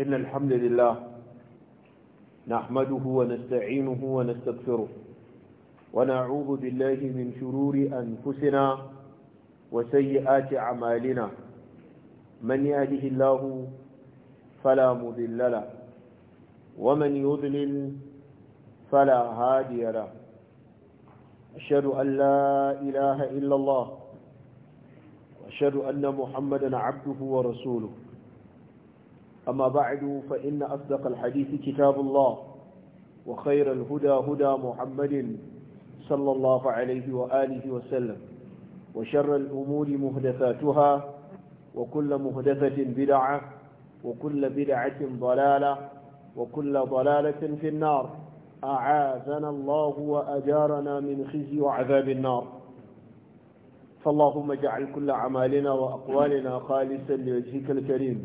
إن الحمد لله نحمده ونستعينه ونستغفره ونعوذ بالله من شرور أنفسنا وسيئات أعمالنا من يهده الله فلا مذل له ومن يضلل فلا هادي له أشهد أن لا إله إلا الله وأشهد أن محمدا عبده ورسوله أما بعد فإن أصدق الحديث كتاب الله وخير الهدى هدى محمد صلى الله عليه وآله وسلم وشر الأمور مهدثاتها وكل مهدثة بدعة وكل بدعة ضلالة وكل ضلالة في النار أعاذنا الله وأجارنا من خزي وعذاب النار فاللهم اجعل كل أعمالنا وأقوالنا خالصا لوجهك الكريم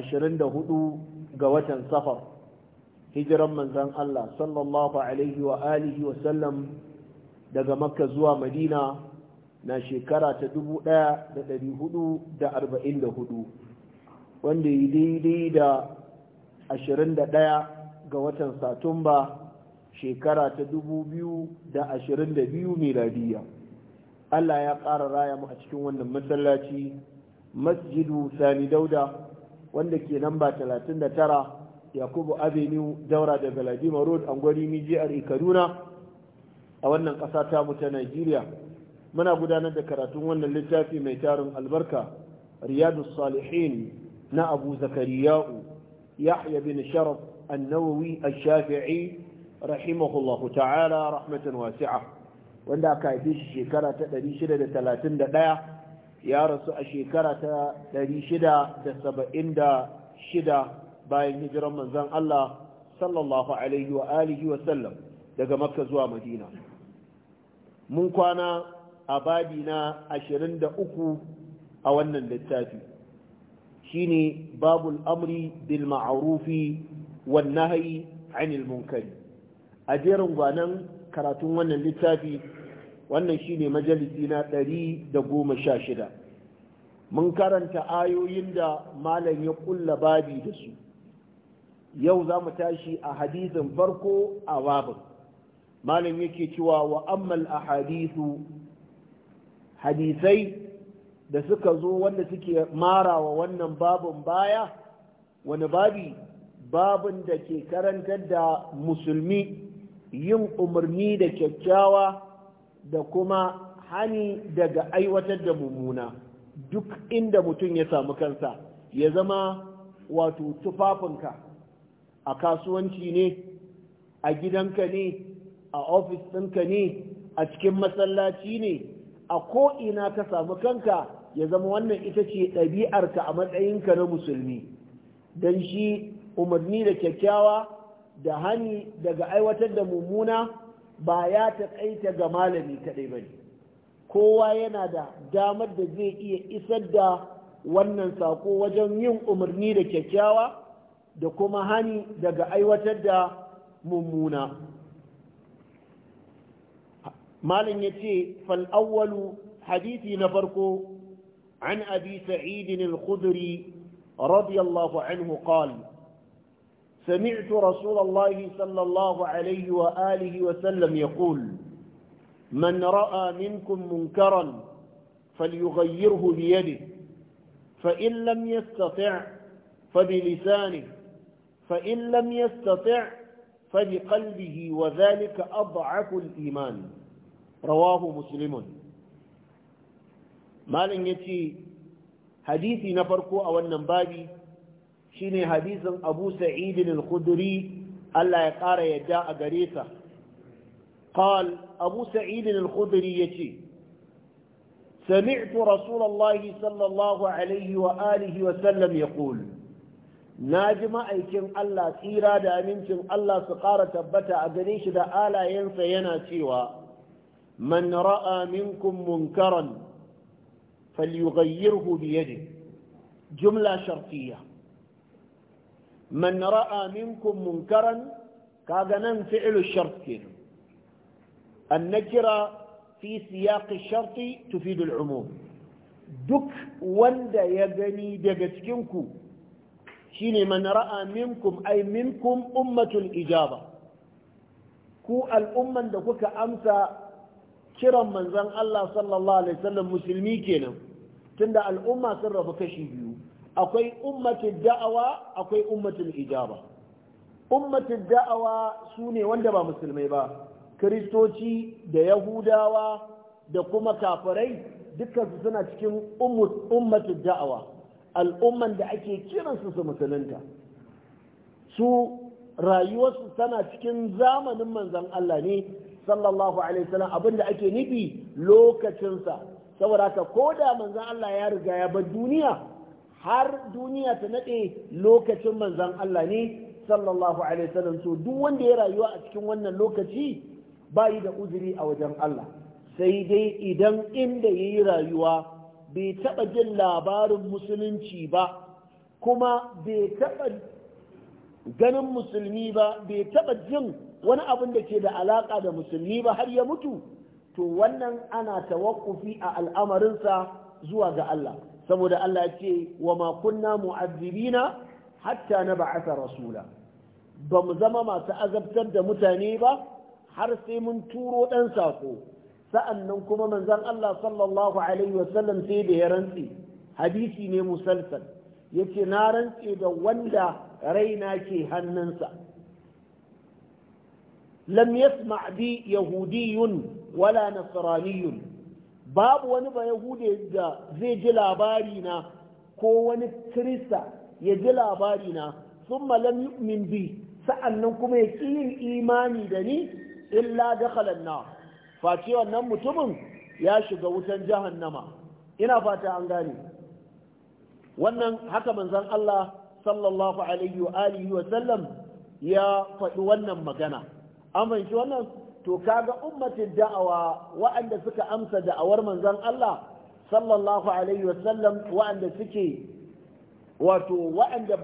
24 ga watan safar hijiran manzan Allah sallallahu alaihi wa alihi wa sallam daga makka zuwa madina na shekara ta 1444 wanda yi daidai da 21 ga watan satumba shekara ta 2022 miladiyya Allah ya ƙara raya mu a cikin wannan masallaci masjidu sani dauda wanda ke namba 39 yakubu avenue daura da galadima road angwari mijiyar kaduna a wannan ƙasa tamu ta nigeria muna gudanar da karatun wannan littafi mai tarin albarka riyadu salihin na abu zakariya'u yahya bin sharaf annawawi a shafii rahimahullahu ta'ala rahmatan wasi'a wanda aka haife shi shekara ta 631 ya rasu a shekara ta 676 bayan hijiran manzon Allah sallallahu alaihi wa alihi wa sallam daga makka zuwa madina mun kwana a babi na 23 a wannan littafi shine babul amri bil ma'rufi wan nahyi 'anil munkari a jerin gwanan karatun wannan littafi wannan shine majalisi na ɗari da goma sha shida mun karanta ayoyin da malam ya kulla babi da su yau za mu tashi a hadisin farko a babin malam yake cewa wa ammal hadisu. hadisai da suka zo wanda suke marawa wannan babin baya wani babi babin da ke karantar da musulmi yin umarni da kyakkyawa da kuma hani daga aiwatar da mummuna duk inda mutum ya samu kansa ya zama wato tufafinka a kasuwanci ne a gidanka ne a ofis ɗinka ne a cikin masallaci ne a ko'ina ka samu kanka ya zama wannan ita ce ɗabi'arka a matsayinka na musulmi don shi umarni da kyakkyawa da hani daga aiwatar da mummuna ba ya taƙaita ga malami kaɗai ba ne kowa yana da damar da zai iya isar da wannan sako wajen yin umarni da kyakkyawa da kuma hani daga aiwatar da mummuna malam ya ce fal'awwalu hadisi na farko an abi sa'idin al-khudri radiyallahu anhu qala سمعت رسول الله صلى الله عليه وآله وسلم يقول من رأى منكم منكرا فليغيره بيده فإن لم يستطع فبلسانه فإن لم يستطع فبقلبه وذلك أضعف الإيمان رواه مسلم ما لن يتي حديثي نفركو أو النبابي shine hadisin Abu Sa'id al-Khudri Allah ya ƙara yadda a gare sa قال أبو سعيد الخدري يتي سمعت رسول الله صلى الله عليه وآله وسلم يقول ناجم أيكم الله تيرا دا منكم الله سقارة تبتا أدريش دا آلا ينسى ينا سوى من رأى منكم منكرا فليغيره بيده جملة شرطية من رأى منكم منكرا كاغنا فعل الشرط كينا النكرة في سياق الشرط تفيد العموم دك وند يغني دغتكنكو شيني من رأى منكم أي منكم أمة الإجابة كو الأمة دكوك أمسى كرا من زن الله صلى الله عليه وسلم مسلمي كينا تندا الأمة سر بكشي بيو akwai ummatin da'awa akwai ummatin ijaba ummatin da'awa su ne wanda ba musulmai ba kiristoci da yahudawa da kuma kafirai dukkansu suna cikin ummatin da'awa al'umman da ake kiransu su musulunta su rayuwarsu tana cikin zamanin manzan Allah ne sallallahu alaihi wasallam abinda ake nufi lokacinsa saboda haka ko da manzan Allah ya riga ya bar duniya har duniya ta naɗe lokacin manzon Allah ne sallallahu alaihi wasallam To duk wanda ya rayuwa a cikin wannan lokaci Ba yi da uzuri a wajen Allah sai dai idan inda yayi rayuwa bai taba jin labarin musulunci ba kuma bai taba ganin musulmi ba bai taɓa jin wani abin da ke da alaƙa da musulmi ba har ya mutu to wannan ana tawakkufi a al'amarinsa zuwa ga Allah saboda Allah ce wa ma kunna mu'azzibina hatta na ba'atha rasula ba mu zama masu azabtar da mutane ba har sai mun turo ɗan sako sa'annan kuma manzon Allah sallallahu alaihi wasallam sai da ya rantse hadisi ne musalsal yace na rantse da wanda raina ke hannunsa lam yasma bi yahudiyyun wala nasraniyyun babu wani ba yahude da zai ji labari na ko wani krista ya ji labari na sun malam min bi sa'annan kuma ya ƙi yin imani da ni illa dakhalan na face wannan mutumin ya shiga wutan jahannama ina fata an gane wannan haka manzon Allah sallallahu alaihi wa alihi wa sallam ya faɗi wannan magana amince wannan to kaga ummatin da'awa wa'anda suka amsa da'awar manzon Allah sallallahu alaihi wasallam wa'anda suke wato wa'anda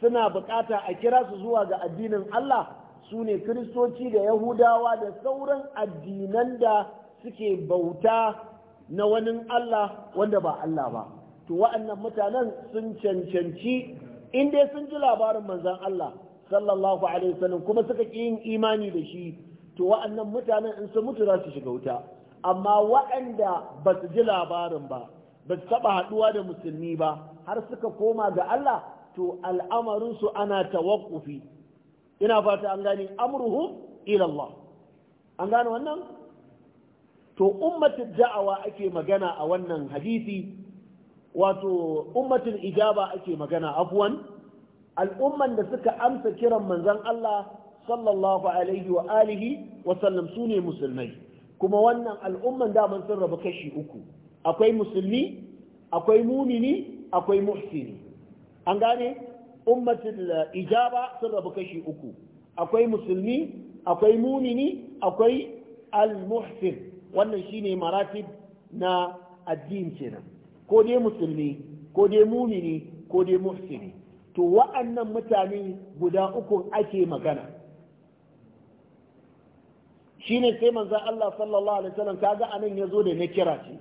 suna bukata a kira su zuwa ga addinin Allah su ne kiristoci da yahudawa da sauran addinan da suke bauta na wani Allah wanda ba Allah ba to wa'annan mutanen sun cancanci in dai sun ji labarin manzon Allah sallallahu alaihi wasallam kuma suka ƙi yin imani da shi to wa'annan mutanen in sun mutu za su shiga wuta amma wa'anda ba su ji labarin ba ba su taɓa haɗuwa da musulmi ba har suka koma ga Allah to al'amarinsu ana tawakufi ina fata an gane amruhu, ila Allah an gane wannan to ummatul da'awa ake magana a wannan hadisi wato ummatul ijaba ake magana afwan al'umman da suka amsa kiran manzon Allah sallallahu alaihi wa alihi wa sallam su ne musulmai kuma wannan al'umman daman sun rabu kashi uku akwai musulmi akwai mumini akwai muhsini an gane ummatul ijaba sun rabu kashi uku akwai musulmi akwai mumini akwai al-muhsin wannan shine maratib na addini kenan ko dai musulmi ko dai mumini ko dai muhsini to wa'annan mutane guda uku ake magana Shi ne sai manzo Allah sallallahu alaihi wasallam kaga anan zo da kira ce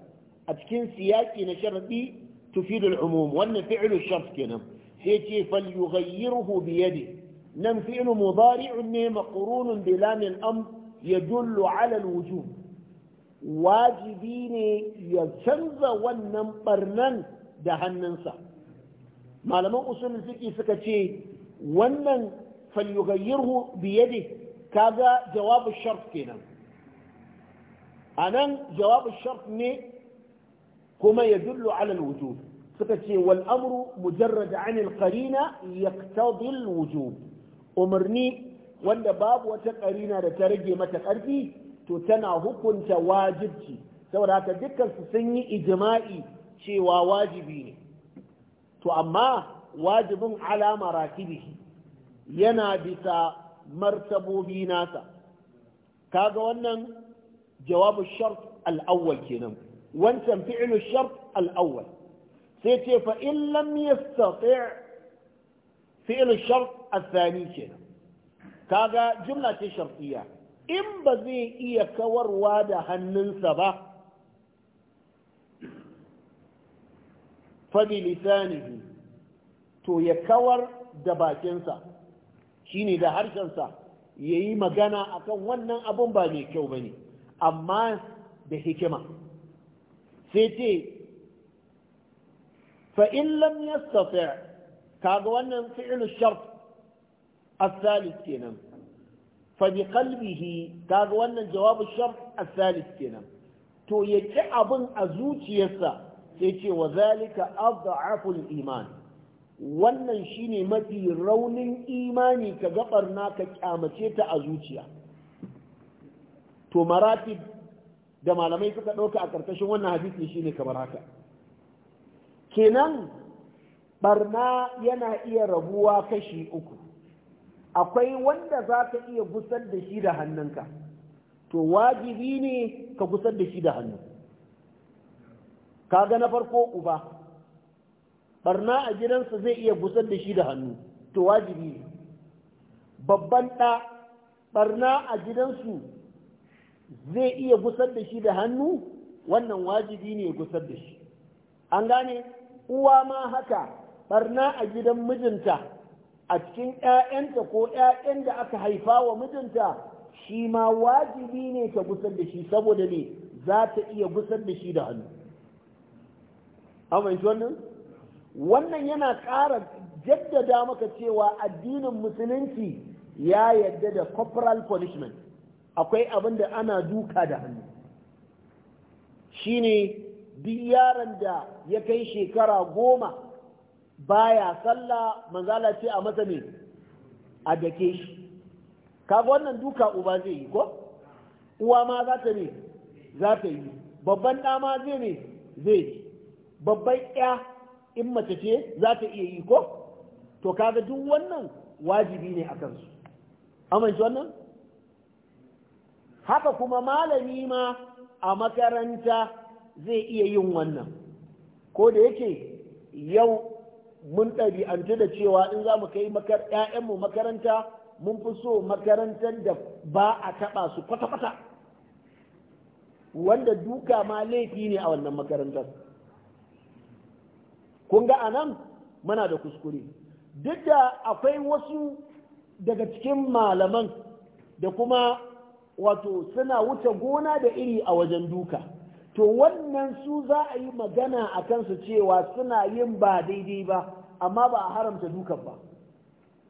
a cikin siyaki na sharaɗi tufidu al-umum wannan fi'lu shart kenan sai ce fal yughayyirhu bi yadi nan fi'ilu mudari'un ne maqrunun bi lam al-amr yadullu ala al-wujub wajibi ne ya canza wannan barnan da hannunsa malaman usulun suka ce wannan falyughayyirhu bi kaga jawabu sharf kenan anan jawabu sharf ne kuma ya dullu ala wujub suka ce wal amru mujarrad karina al qarina wujub umarni wanda babu wata ƙarina da ta rage mata ƙarfi to tana hukunta wajibci saboda haka dukkan su sun yi ijima'i cewa wajibi ne to amma wajibin ala marakibihi yana bisa martabobi nasa kaga wannan jawabu shart al'awwal kenan wancan fi'lu shart al'awwal sai ce fa in lam yastati' fi'lu shart al-thani kenan kaga jumla ce shartiyya in ba zai iya kawarwa da hannunsa ba fa bi lisanihi to ya kawar da bakinsa ne da harshensa ya yi magana akan wannan abun ba mai kyau ba ne amma da hikima sai ce fa'in lam yastafi kaga wannan fi'il shart kenan كنا kalbihi kaga wannan جواب a الثالث kenan. to ci abin a zuciyarsa sai ce wa zalika adhafu al-iman wannan shine mafi raunin imani ka gabar na ka kyamace ta a zuciya to maratib da malamai suka ɗauka a ƙarƙashin wannan hadisi shine kamar haka kenan barna yana iya rabuwa kashi uku akwai wanda za ka iya gusar da shi da hannunka to wajibi ne ka gusar da shi da hannu ga na farko uba barna a gidansa zai iya gusar da shi da hannu to wajibi ne babban ɗa barna a gidansu zai iya gusar da shi da hannu wannan wajibi ne ya gusar da shi an gane uwa ma haka barna a gidan mijinta a cikin 'ya'yanta ko 'ya'yan da aka haifa wa mijinta shi ma wajibi ne ta gusar da shi saboda ne za ta iya gusar da shi da hannu amince wannan wannan yana ƙara jaddada maka cewa addinin musulunci ya yadda da corporal punishment akwai abin da ana duka da hannu shine duk yaron da ya kai shekara goma baya sallah manzala ce a masa ne a dake shi kaga wannan duka uba zai yi ko uwa ma za ta ne za ta yi babban ɗa ma zai ne zai babban ya in mace ce za ta iya yi ko to kaga duk wannan wajibi ne a kansu amince wannan haka kuma malami ma a makaranta zai iya yin wannan ko da yake yau mun ɗabi'antu da cewa in za mu kai ‘ya'yanmu makaranta mun fi so makarantar da ba a taɓa su kwata-kwata wanda duka ma laifi ne a wannan makarantar kun ga anan muna da kuskure duk da akwai wasu daga cikin malaman da kuma wato suna wuce gona da iri a wajen duka to wannan su za a yi magana a kansu cewa suna yin ba daidai ba amma ba a haramta dukan ba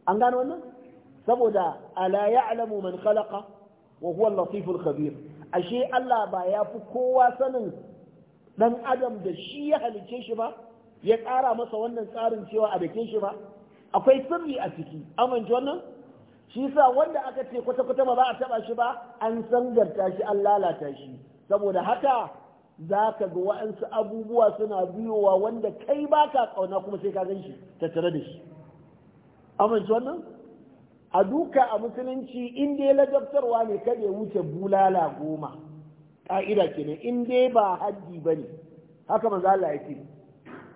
an gano wannan saboda ala ya'lamu man khalaqa wa huwa al-latiful khabir ashe Allah ba ya fi kowa sanin dan adam da shi ya halice shi ba ya ƙara masa wannan tsarin cewa a dake shi ba akwai sirri a ciki amince wannan shi sa wanda aka ce kwata-kwata ba za a taba shi ba an san garta shi an lalata shi saboda haka za ka ga wa'ansu abubuwa suna biyowa wanda kai ba ka ƙauna kuma sai ka gan shi tattare da shi amince wannan a duka a musulunci in dai ladabtarwa ne kada ya wuce bulala goma ƙa'ida kenan in dai ba haddi ba ne haka manzo Allah ya ce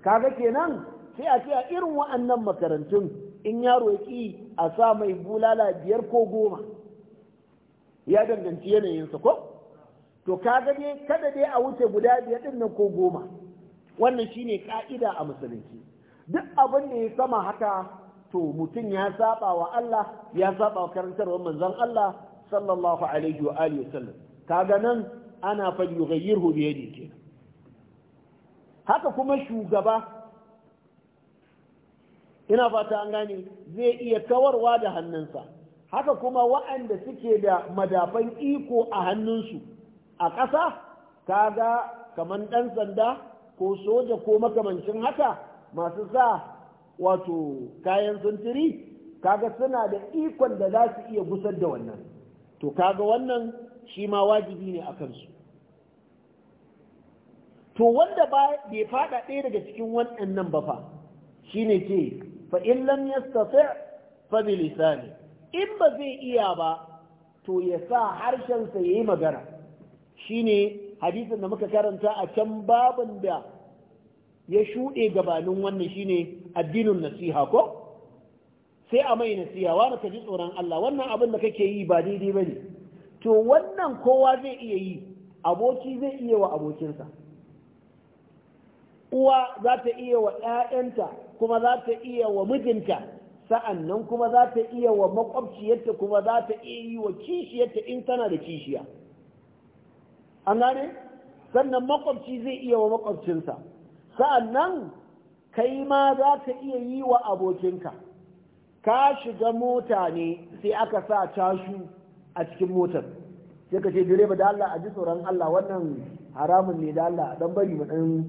kaga kenan sai a ce a irin wa'annan makarantun in yaro ya ƙi a sa mai bulala biyar ko goma ya danganci yanayinsa ko to kaga dai kada dai a wuce guda biyar din nan ko goma wannan shine ka'ida a musulunci duk abin da ya sama haka to mutum ya saba wa Allah ya saba wa karantarwar manzon Allah sallallahu alaihi wa alihi wasallam kaga nan ana fa yughayyirhu bi yadihi kenan haka kuma shugaba ina fata an gane zai iya kawarwa da hannunsa haka kuma wa'anda suke da madafan iko a hannunsu a ƙasa kaga kamar ɗan sanda ko soja ko makamancin haka masu sa wato kayan sintiri kaga suna da ikon da za su iya gusar da wannan to kaga wannan shi ma wajibi ne a kansu to wanda ba bai fada ɗaya daga cikin waɗannan ba fa shine ce fa in lam yastati fa bi lisani in ba zai iya ba to ya sa harshen sa yayi magana shine hadisin da muka karanta a can babin da ya shuɗe gabanin wannan shine addinin nasiha ko sai a mai nasiha wani ka ji tsoron Allah wannan abin da kake yi ba daidai ba ne. to wannan kowa zai iya yi aboki zai iya wa abokinsa uwa za ta iya wa ‘ya'yanta kuma za ta iya wa mijinta sa'an nan kuma za ta iya wa makwabciyarta kuma za ta iya yi wa kishiyarta in tana da kishiya an gane sannan makwabci zai iya wa makwabcinsa sa'an nan kai ma za ta iya yi wa abokinka ka shiga mota ne sai aka sa cashu a cikin motar sai ka ce direba da Allah a ji tsoron Allah wannan haramun ne da Allah dan bari mu dan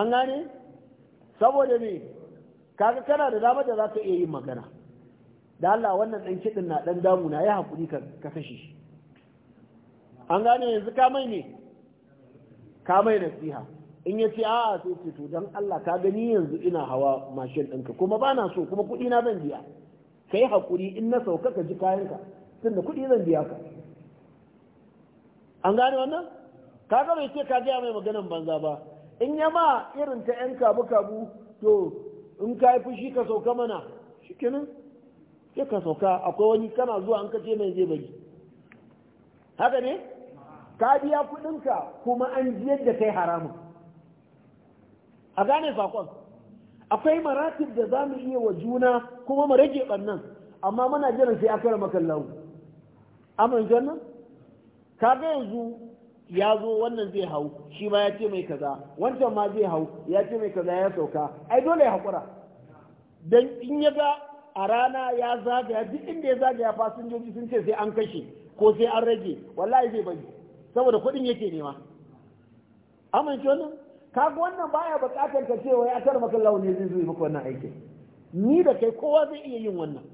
an gane saboda me kaga kana da dama da za ka iya yin magana da Allah wannan ɗan kiɗin na ɗan damuna ya haƙuri ka kashe shi an gane yanzu ka mai ne ka mai nasiha in ya ce a'a sai ce to don Allah ka gani yanzu ina hawa mashin ɗinka kuma ba na so kuma kuɗi na zan biya ka yi haƙuri in na sauka ka ji kayanka tun da kuɗi zan biya ka an gane wannan ka ga bai ce ka gaya mai maganan banza ba in ya ma irin ta 'yan kabu-kabu to in ka yi fushi ka sauka mana shi kenan ka sauka akwai wani kana zuwa an kace mai zai bari haka ne ka biya kudinka kuma an jiyar da kai haramun a gane fakon, akwai maratib da za mu iya wa juna kuma mu rage ɓannan amma muna jiran sai aka rama kallahu amin jannan ka ga yanzu ya zo wannan zai hau shi ma ya ce mai kaza wancan ma zai hau ya ce mai kaza ya sauka ai dole ya haƙura don in ya ga a rana ya zagaya duk inda ya zagaya fasinjoji sun ce sai an kashe ko sai an rage wallahi zai bari saboda kuɗin yake nema amince wannan kaga wannan baya buƙatar ka ce wai akar maka launi zai zo maka wannan aikin ni da kai kowa zai iya yin wannan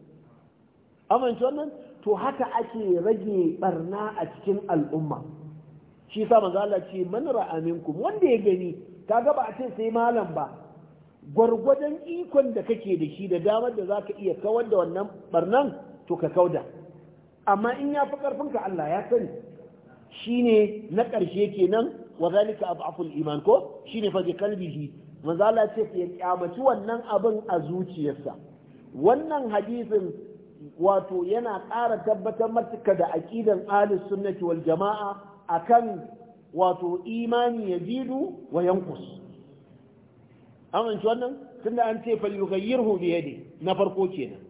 amince wannan to haka ake rage barna a cikin al'umma shi sa manzo Allah ce man ra'a minkum wanda ya gani kaga ba a ce sai malam ba gwargwadon ikon da kake da shi da damar da zaka iya kawar da wannan barnan to ka kauda amma in ya fi ka Allah ya sani shine na ƙarshe kenan wa zalika ab'aful iman ko shine fa bi qalbihi manzo Allah ce ya kyamaci wannan abin a zuciyarsa wannan hadisin wato yana ƙara tabbatar maka da aqidan ahlus sunnati wal jama'a akan wato imani ya zidu wa yankus amince wannan tunda an ce falyughayyirhu bi yadi na farko kenan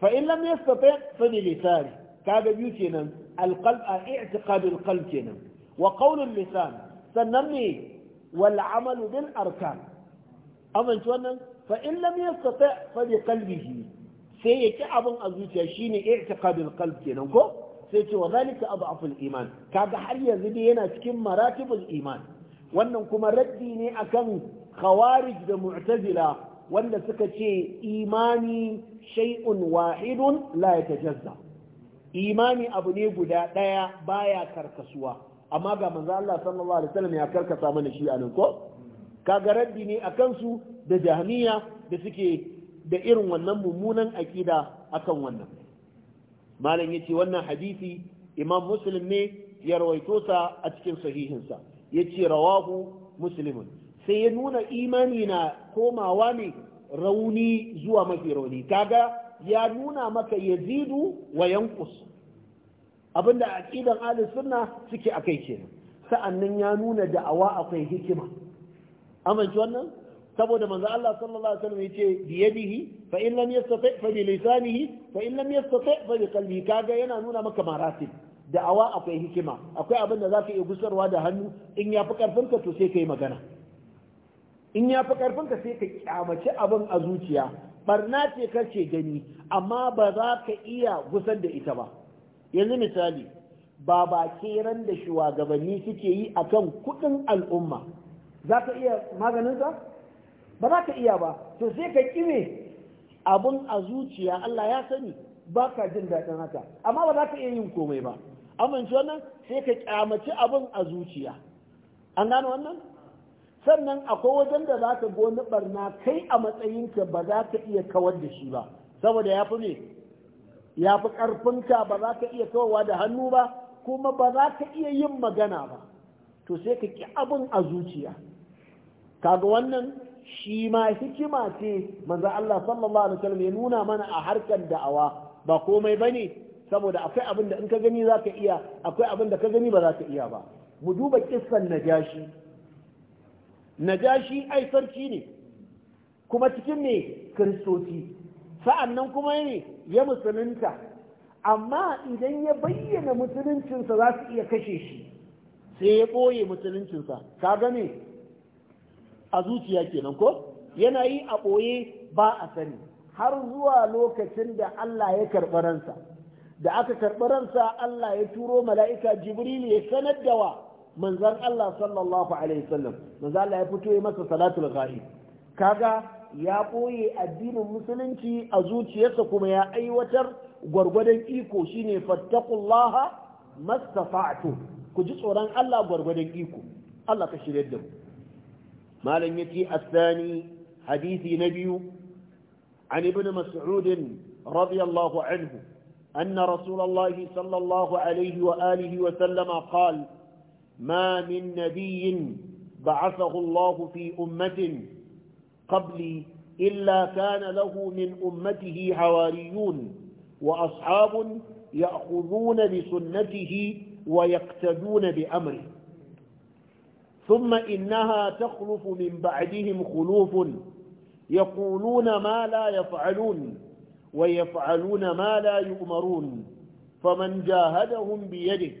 fa in lam yastati fa bi lisani kaga biyu kenan alqalb a i'tiqad alqalb kenan wa qawl lisan sannan ne wal amal bil arkan amince wannan fa in lam yastati fa bi qalbihi sai yake abin a zuciya shine i'tiqad alqalb kenan ko sai ce wa zalika adaful iman kaga har yanzu dai yana cikin maratibul iman wannan kuma raddi ne akan khawarij da mu'tazila wanda suka ce imani shay'un wahidun la yatajazza imani abu ne guda daya baya karkasuwa amma ga manzo Allah sallallahu alaihi wasallam ya karkasa mana shi anan ko kaga raddi ne akan su da jahmiya da suke da irin wannan mummunan akida akan wannan malam yace wannan hadisi imam muslim ne ya rawaito sa a cikin sahihinsa yace rawahu muslimun sai ya nuna imani na komawa ne rauni zuwa mafi rauni kaga ya nuna maka yazidu wa yanqus abinda aqidan ahlus sunna suke akai kenan sa'annan ya nuna da'awa akwai hikima amince wannan saboda manzo Allah sallallahu alaihi wasallam yace bi yadihi fa in lam yastati fa bi lisanihi fa in lam yastati fa bi qalbi kaga yana nuna maka maratib da'awa akwai hikima akwai abin da zaka iya gusarwa da hannu in yafi karfin ka to sai kai magana in yafi karfin ka sai ka kyamace abin a zuciya barna ce kace gani amma ba za ka iya gusar da ita ba yanzu misali ba ba keran da shugabanni suke yi akan kudin al'umma za ka iya maganinsa ba za ka iya ba to sai ka kime abun a zuciya Allah ya sani ba ka jin daɗin haka amma ba za ka iya yin komai ba amince wannan sai ka kyamaci abun a zuciya an gano wannan sannan akwai wajen da za ka goni barna kai a matsayinka ba za ka iya kawar da shi ba saboda ya fi ne ya fi ƙarfinka ba za ka iya kawarwa da hannu ba kuma ba za ka iya yin magana ba to sai ka ƙi abin a zuciya kaga wannan shi ma hikima ce manzo Allah sallallahu alaihi wasallam ya nuna mana a harkar da'awa ba komai bane saboda akwai abin da in ka gani zaka iya akwai abin da ka gani ba zaka iya ba mu duba kissan najashi najashi ai sarki ne kuma cikin ne kristoci sa'annan kuma ne ya musulunta amma idan ya bayyana musuluncinsa za su iya kashe shi sai ya ɓoye musuluncinsa ka gane a zuciya kenan ko yana yi a ɓoye ba a sani har zuwa lokacin da Allah ya karɓi ransa da aka karɓi ransa Allah ya turo mala'ika jibril ya sanar da wa manzon Allah sallallahu alaihi wasallam manzan Allah ya fito ya masa salatul ghaib kaga ya ɓoye addinin musulunci a zuciyarsa kuma ya aiwatar gwargwadon iko shine fattaqullaha mastata'tu ku ji tsoron Allah gwargwadon iko Allah ka shirye da mu ما لم يتي الثاني حديث نبي عن ابن مسعود رضي الله عنه أن رسول الله صلى الله عليه وآله وسلم قال ما من نبي بعثه الله في أمة قبلي إلا كان له من أمته حواريون وأصحاب يأخذون بسنته ويقتدون بأمره ثم إنها تخلف من بعدهم خلوف يقولون ما لا يفعلون ويفعلون ما لا يؤمرون فمن جاهدهم بيده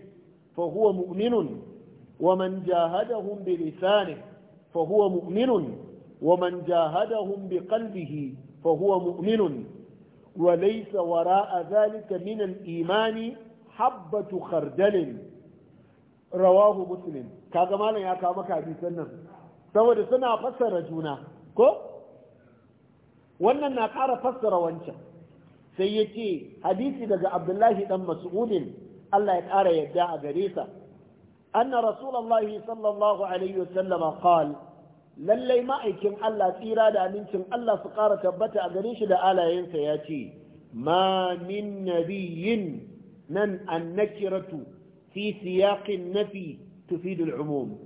فهو مؤمن ومن جاهدهم بلسانه فهو مؤمن ومن جاهدهم بقلبه فهو مؤمن وليس وراء ذلك من الإيمان حبة خردل رواه مسلم kaga malam ya kawo maka hadisan nan saboda suna fassara juna ko wannan na ƙara fassara wancan sai ya ce hadisi daga abdullahi dan mas'udin Allah ya ƙara yadda a gare sa anna rasulullahi sallallahu alaihi wasallam qal lallai ma'aikin Allah tsira da amincin Allah su ƙara tabbata a gare shi da alayensa ya ce ma min nabiyyin nan annakiratu fi siyaqin nafi تفيد العموم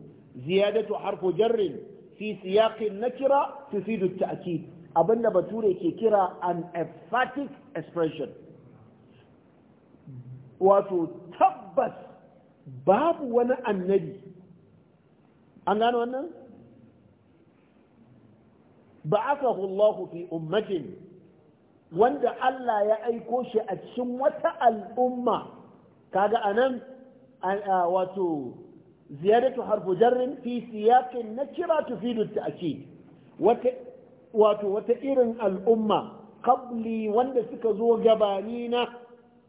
زيادة حرف جر في سياق النكرة تفيد التأكيد أبن بطوري كيكرا an emphatic expression wato tabbas babu wani annabi an gano wannan ba'athahu Allah fi ummatin wanda Allah ya aiko shi a cikin wata al'umma kaga anan wato ziyadatu harfu jarrin fi siyaqin nakira tufidu ta'kid wata wato wata irin al'umma kabli wanda suka zo gabani na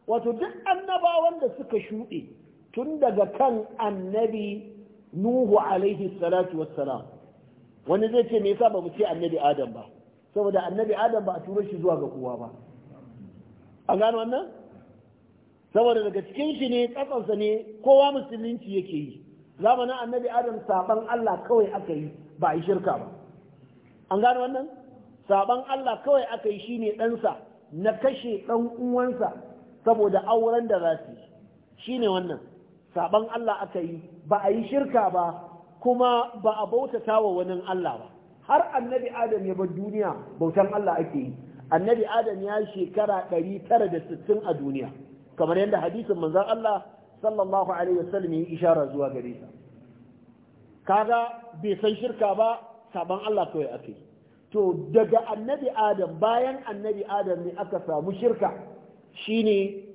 wato duk annabawan da suka shuɗe tun daga kan annabi nuhu alaihi salatu wassalam wani zai ce me yasa ba mu ce annabi adam ba saboda annabi adam ba a tura shi zuwa ga kowa ba a gano wannan saboda daga cikin shi ne tsatsansa ne kowa musulunci yake yi zamanin annabi adam saban Allah kawai aka yi ba a yi shirka ba an gano wannan saban Allah kawai aka yi shine ɗansa na kashe ɗan uwansa saboda auren da za su shine wannan saban Allah aka yi ba a yi shirka ba kuma ba a bautata wa wani Allah ba har annabi adam ya bar duniya bautan Allah ake yi annabi adam ya shekara 960 a duniya kamar yadda hadisin manzon Allah sallallahu alaihi wasallam yi ishara zuwa gare sa kaga bai san shirka ba saban Allah kawai ake to daga annabi adam bayan annabi adam ne aka samu shirka shine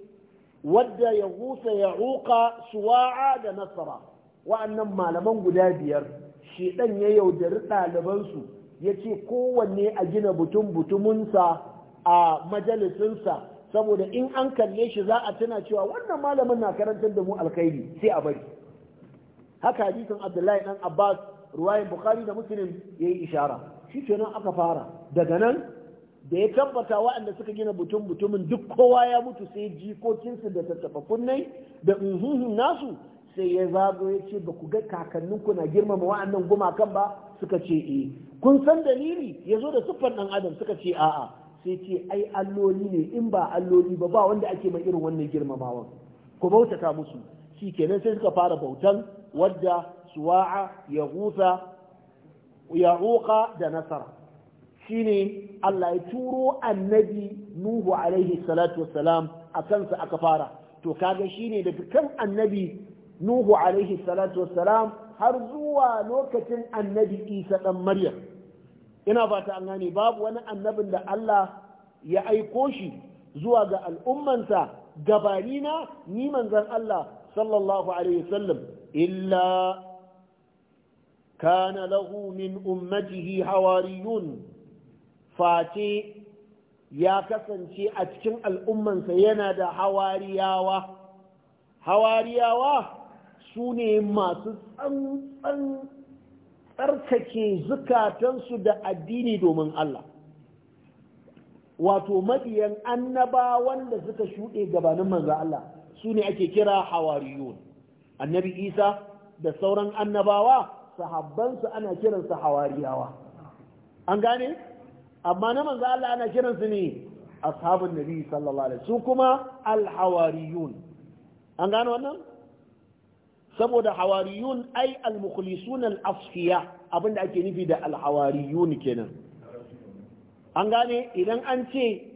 wadda ya gusa ya ruka suwa'a da nasara wa'annan malaman guda biyar shi ɗan ya yaudari ɗalibansu ya ce kowanne a gina butun butumunsa a majalisinsa saboda in an kalle shi za a tuna cewa wannan malamin na karantar da mu alkhairi sai a bari haka hadisin abdullahi dan abbas ruwayin bukhari da muslim yayi yi ishara shi kenan aka fara daga nan da ya tabbata waɗanda suka gina butun butumin duk kowa ya mutu sai jikokinsu da tattafafun nai da unhuhun nasu sai ya zago ya ce ba ku ga kakanninku na girmama wa'annan gumakan ba suka ce eh kun san dalili ya zo da siffar ɗan adam suka ce a'a sai ce ai alloli ne in ba alloli ba ba wanda ake mai irin wannan girmamawan ku bautata musu shi kenan sai suka fara bautan wadda suwa'a ya gusa ya da nasara shine Allah ya turo annabi Nuhu alaihi salatu wassalam a kansa aka fara to kaga shine daga kan annabi Nuhu alaihi salatu wassalam har zuwa lokacin annabi Isa dan Maryam ina ba ta an gane babu wani annabin da Allah ya aiko shi zuwa ga al'ummansa gabarina, ni manzan Allah sallallahu alaihi wasallam illa kana lahu min ummatihi hawariyun face ya kasance a cikin al'ummansa yana da hawariyawa hawariyawa su ne masu tsantsan tsarkake zukatansu da addini domin Allah wato mabiyan annaba wanda suka shuɗe gabanin manzo Allah su ne ake kira hawariyun annabi isa da sauran annabawa sahabbansu ana kiransu hawariyawa an gane amma na manzo Allah ana kiransu ne ashabun nabi sallallahu alaihi su kuma alhawariyun an gane wannan saboda hawariyun ai al-mukhlisun al-asfiya abinda ake nufi da al-hawariyun kenan an gane idan an ce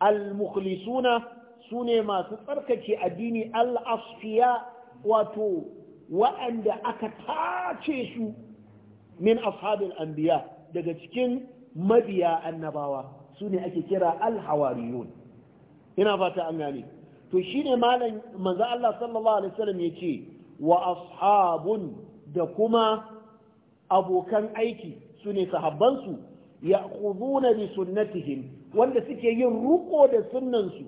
al-mukhlisuna sune masu tsarkake addini al-asfiya wato wa'anda aka tace su min ashabil anbiya daga cikin mabiya annabawa sune ake kira al-hawariyun ina fata an gane to shine malam manzo Allah sallallahu alaihi wasallam yace wa ashabun da kuma abokan aiki su ne sahabbansu ya kuzuna bi sunnatihim wanda suke yin ruko da sunnansu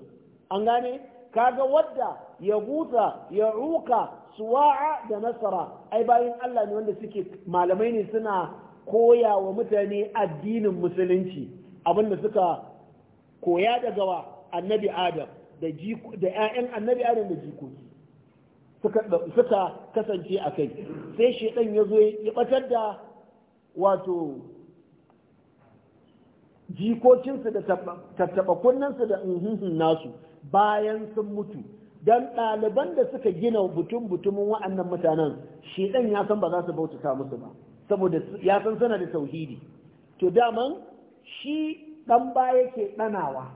an gane kaga wadda ya huta ya ruka suwa'a da nasara ai bayan Allah ne wanda suke malamai ne suna koya wa mutane addinin musulunci abinda suka koya daga wa annabi adam da 'ya'yan annabi adam da jikoki suka kasance a kai sai shaidan ya zo ya batar da wato jikokinsu da tattaba kunnensu da inhinhin nasu bayan sun mutu don ɗaliban da suka gina butun-butumin wa'annan mutanen shaidan ya san ba za su bautata musu ba saboda ya san sana da tauhidi to daman shi ɗan baya ke ɗanawa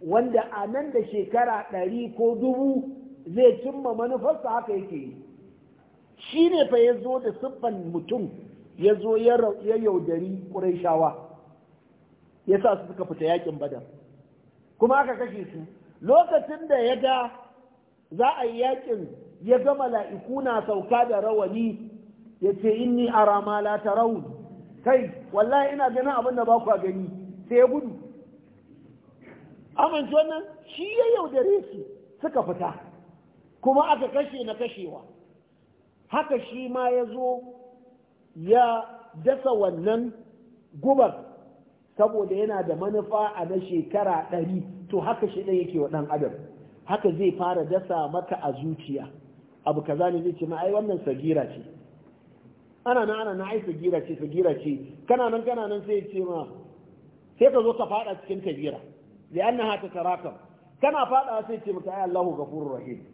wanda a nan da shekara ɗari ko dubu zai cimma manufarsa haka yake yi shi ne fa ya zo da siffan mutum ya zo ya yaudari ƙuraishawa ya sa su suka fita yakin badar kuma aka kashe su lokacin da ya ga za a yi yakin ya gama la'iku na sauka da rawani ya ce inni a ma la kai wallahi ina ganin abin da baku a gani sai ya gudu amince wannan shi ya yaudare su suka fita kuma aka kashe na kashewa haka shi ma ya zo ya dasa wannan gubar saboda yana da manufa a na shekara ɗari to haka shi ɗaya yake wa ɗan adam haka zai fara dasa maka a zuciya abu kaza ne zai ce ma ai wannan sagira ce ana nan ana nan ai sagira ce sagira ce kana nan kana nan sai ce ma sai ka zo ka fada cikin kabira ta tatarakam kana fada sai ce maka ai Allahu ghafurur rahim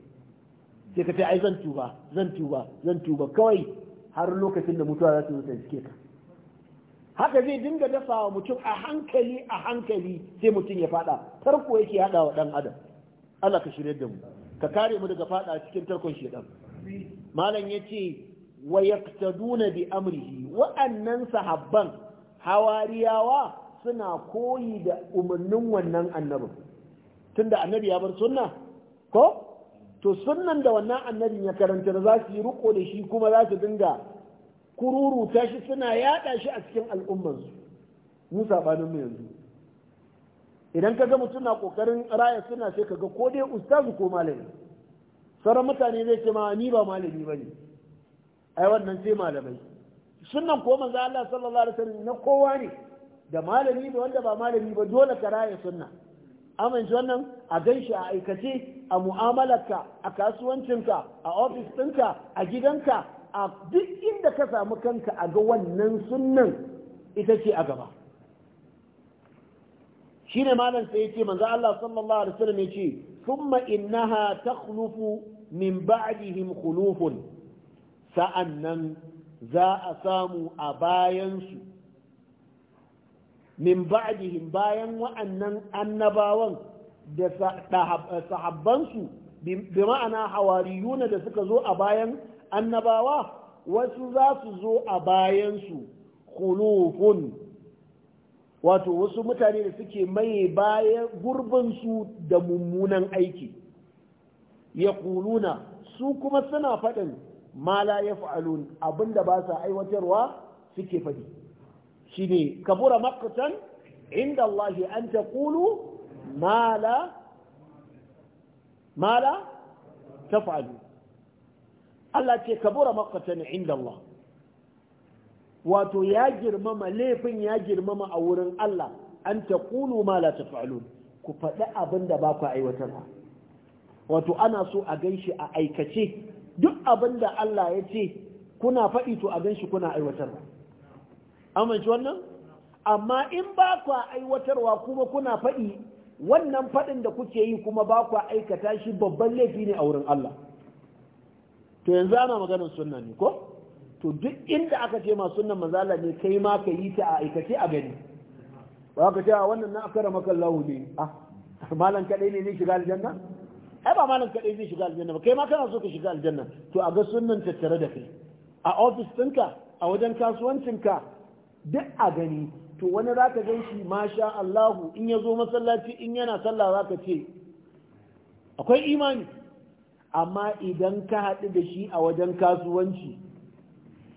sai ka ce ai zan tuba zan tuba zan tuba kawai har lokacin da mutuwa za su zo ta ka haka zai dinga dafa wa mutum a hankali a hankali sai mutum ya fada tarko yake hada wa dan adam Allah ka shirye da mu ka kare mu daga fada cikin tarkon shedan malam yace wa yaqtaduna bi amrihi wa'annan sahabban hawariyawa suna koyi da umarnin wannan annabin tunda annabi ya bar sunna ko to sunnan da wannan annabin ya karanta za su yi riko da shi kuma za su dinga kururuta shi suna yada shi a cikin al'ummansu mu sabanin mu yanzu idan ka ga mutum na kokarin raya suna sai ka ga ko dai ustazu ko malami sauran mutane zai ce ma ni ba malami bane ai wannan sai malamai sunnan ko manzo Allah sallallahu alaihi wasallam na kowa ne da malami da wanda ba malami ba dole ka raya sunna amince wannan a gan a aikace a mu'amalarka a kasuwancinka a ofis ɗinka a gidanka a duk inda ka samu kanka a ga wannan sunnan ita ce a gaba shi ne malam sai ya ce manzo Allah sallallahu alaihi wasallam ya ce thumma innaha takhlufu min ba'dihim khulufun sa'annan za a samu a bayansu min ba'dihim bayan wa'annan annabawan da eh, sahabbansu bi ma'ana hawariyuna da suka zo a bayan annabawa wasu za su zo a bayansu khulufun wato wasu mutane da suke maye bayan gurbinsu da mummunan aiki ya kuluna su kuma suna faɗin ma la ya fa'alun abinda ba sa aiwatarwa suke faɗi shine kabura maqtan inda Allah an ta kulu, mala mala ta taf'alu Allah ce kabura maqtan inda Allah wato ya girmama laifin ya girmama a wurin Allah an ta kulu, mala ta taf'alun ku faɗi abin da ba ku aiwatarwa wato ana so a ganshi a aikace duk abin da Allah ya ce kuna faɗi to a ganshi kuna aiwatarwa amince wannan amma in ba ku aiwatarwa kuma kuna faɗi wannan faɗin da kuke yi kuma ba ku aikata shi babban laifi ne a wurin Allah to yanzu ana maganar sunna ne ko to duk inda aka ce ma sunnan manzala ne kai ma ka yi ta a aikace a gani ba ka ce wannan na akara maka lahu ne ah malam kadai ne zai shiga aljanna ai ba malam kadai zai shiga aljanna ba kai ma kana so ka shiga aljanna to a ga sunnan tattare da kai a office ɗinka a wajen kasuwancinka duk a gani to wani za ka gan shi masha Allahu in ya zo masallaci in yana sallah za ka ce akwai imani amma idan ka haɗu da shi a wajen kasuwanci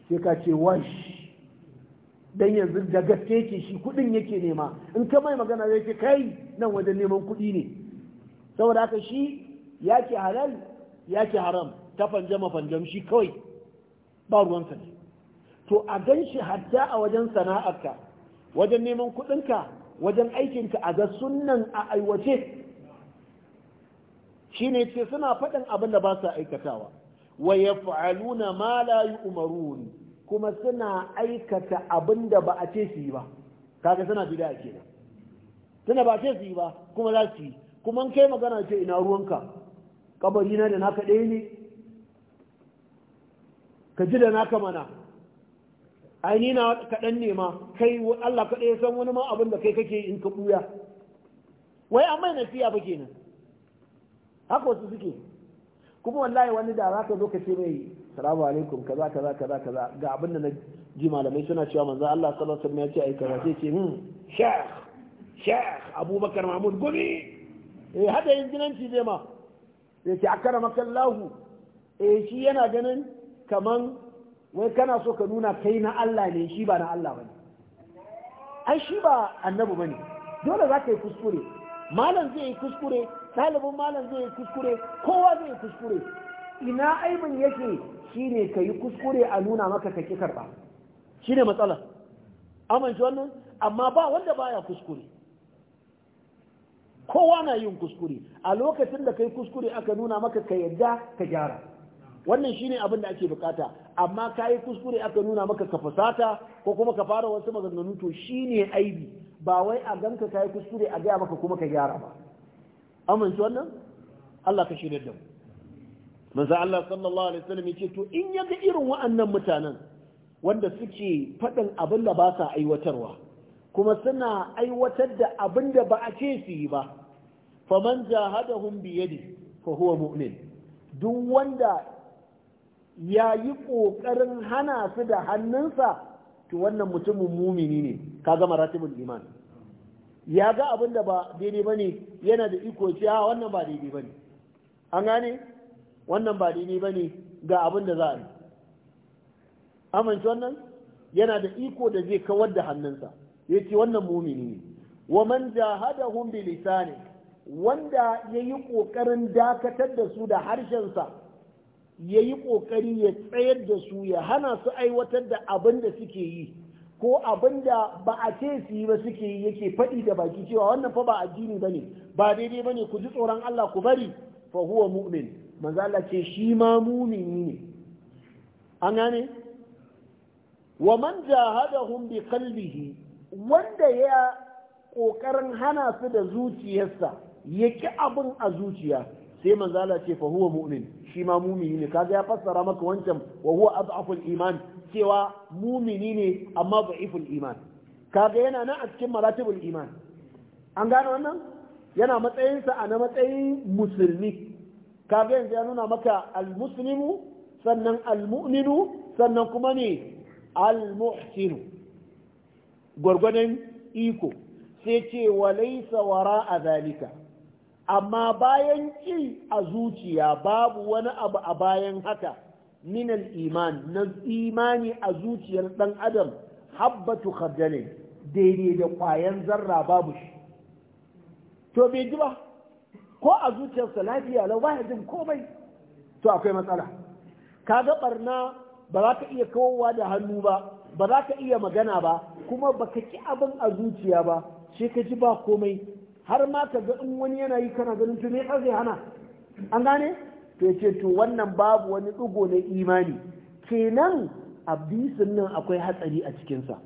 sai ka ce wash dan yanzu da gaske yake shi kudin yake nema in ka mai magana zai ce kai nan wajen neman kudi ne saboda haka shi ya halal yake haram ta fanjama fanjam shi kawai ba ruwansa ne to a gan shi hatta a wajen sana'arka wajen neman kudinka, wajen aikinka a ga sunnan a aiwace ne ce suna faɗin abin da ba su aikatawa wa ya na ma la ne? kuma suna aikata abin da ba a ce su yi ba kaga suna bid'a kenan Suna ba a ce su yi ba kuma za su yi kuma kai magana ce ina ruwanka kabari na da naka ɗaya ne ka ji da naka mana ai ni na kaɗan ne ma kai Allah kaɗai ya san wani ma abin da kai kake in ka ɓuya wai amma na fiya ba kenan haka wasu suke kuma wallahi wani da zaka zo ka ce mai salamu alaikum kaza kaza kaza kaza ga abin da na ji malamai suna cewa manzo Allah sallallahu alaihi wasallam ya ce ai kaza sai ce hmm sheikh sheikh Abubakar Mahmud Gumi eh hada yin jinanci zai ma sai ce akara makallahu eh shi yana ganin kaman wai kana so ka nuna kai na Allah ne shi ba na Allah bane ai shi ba annabi bane dole za ka yi kuskure malam zai yi kuskure ɗalibin malam zai yi kuskure kowa zai yi kuskure ina aibin yake shine ka yi kuskure a nuna maka ka ki karba shine matsala amince wannan amma ba wanda baya kuskure kowa na yin kuskure a lokacin da kai kuskure aka nuna maka ka yadda ka gyara wannan shine abin da ake bukata amma ka yi kuskure aka nuna maka ka fasata ko kuma ka fara wasu maganganu to shi ne aibi ba wai a ganka ka yi kuskure a gaya maka kuma ka gyara ba amince wannan Allah ka shirya da mu manzo Allah sallallahu alaihi wasallam yace to in ya ga irin wa'annan mutanen wanda suke faɗin abin da ba sa aiwatarwa kuma suna aiwatar da abin da ba a ce su yi ba faman jahadahum bi yadi fa huwa mu'min duk wanda ya yi ƙoƙarin hana su da hannunsa to wannan mutumin mumini ne ka gama ratibin iman ya ga abin da ba daidai ba ne yana da iko ce a ah, wannan ba daidai ba ne an gane wannan ba daidai ba ne ga abin da za a yi amince wannan yana da iko da zai kawar da hannunsa ya ce wannan mumini ne wa man jahadahum bi ne. wanda ya yi kokarin dakatar da su da harshensa ya yi ƙoƙari ya tsayar da su ya hana su aiwatar da abin da suke yi ko abin da ba a ce su yi ba suke yi yake faɗi da baki cewa wannan fa ba addini ba ne ba daidai ba ne ku ji tsoron Allah ku bari fa huwa mu'min manzo Allah ce shi ma mumini ne an gane wa man jahadahum bi qalbihi wanda ya ƙoƙarin hana su da zuciyarsa ya ƙi abin a zuciya sai manzo Allah ce fa huwa mu'min shi ma mumini ne kaga ya fassara maka wancan wa huwa ad'aful iman cewa mumini ne amma da'iful iman kaga yana nan a cikin maratibul iman an gano wannan yana matsayinsa a na matsayin musulmi kaga yanzu ya nuna maka almuslimu sannan almu'minu sannan kuma ne almuhsinu gwargwadon iko sai ce wa laisa a zalika amma bayan ƙi a zuciya babu wani abu a bayan haka minal iman na imani a zuciyar ɗan adam habbatu khardalin daidai da ƙwayan zarra babu shi to bai ji ba ko a zuciyarsa lafiya lau baya jin komai to akwai matsala kaga barna ba za ka iya kawowa da hannu ba ba za ka iya magana ba kuma baka ƙi abin a zuciya ba sai ka ji ba komai har ma ka ga in wani yana yi kana ganin to me zai hana an gane to yace to wannan babu wani ɗigo na imani kenan abisin nan akwai hatsari a cikinsa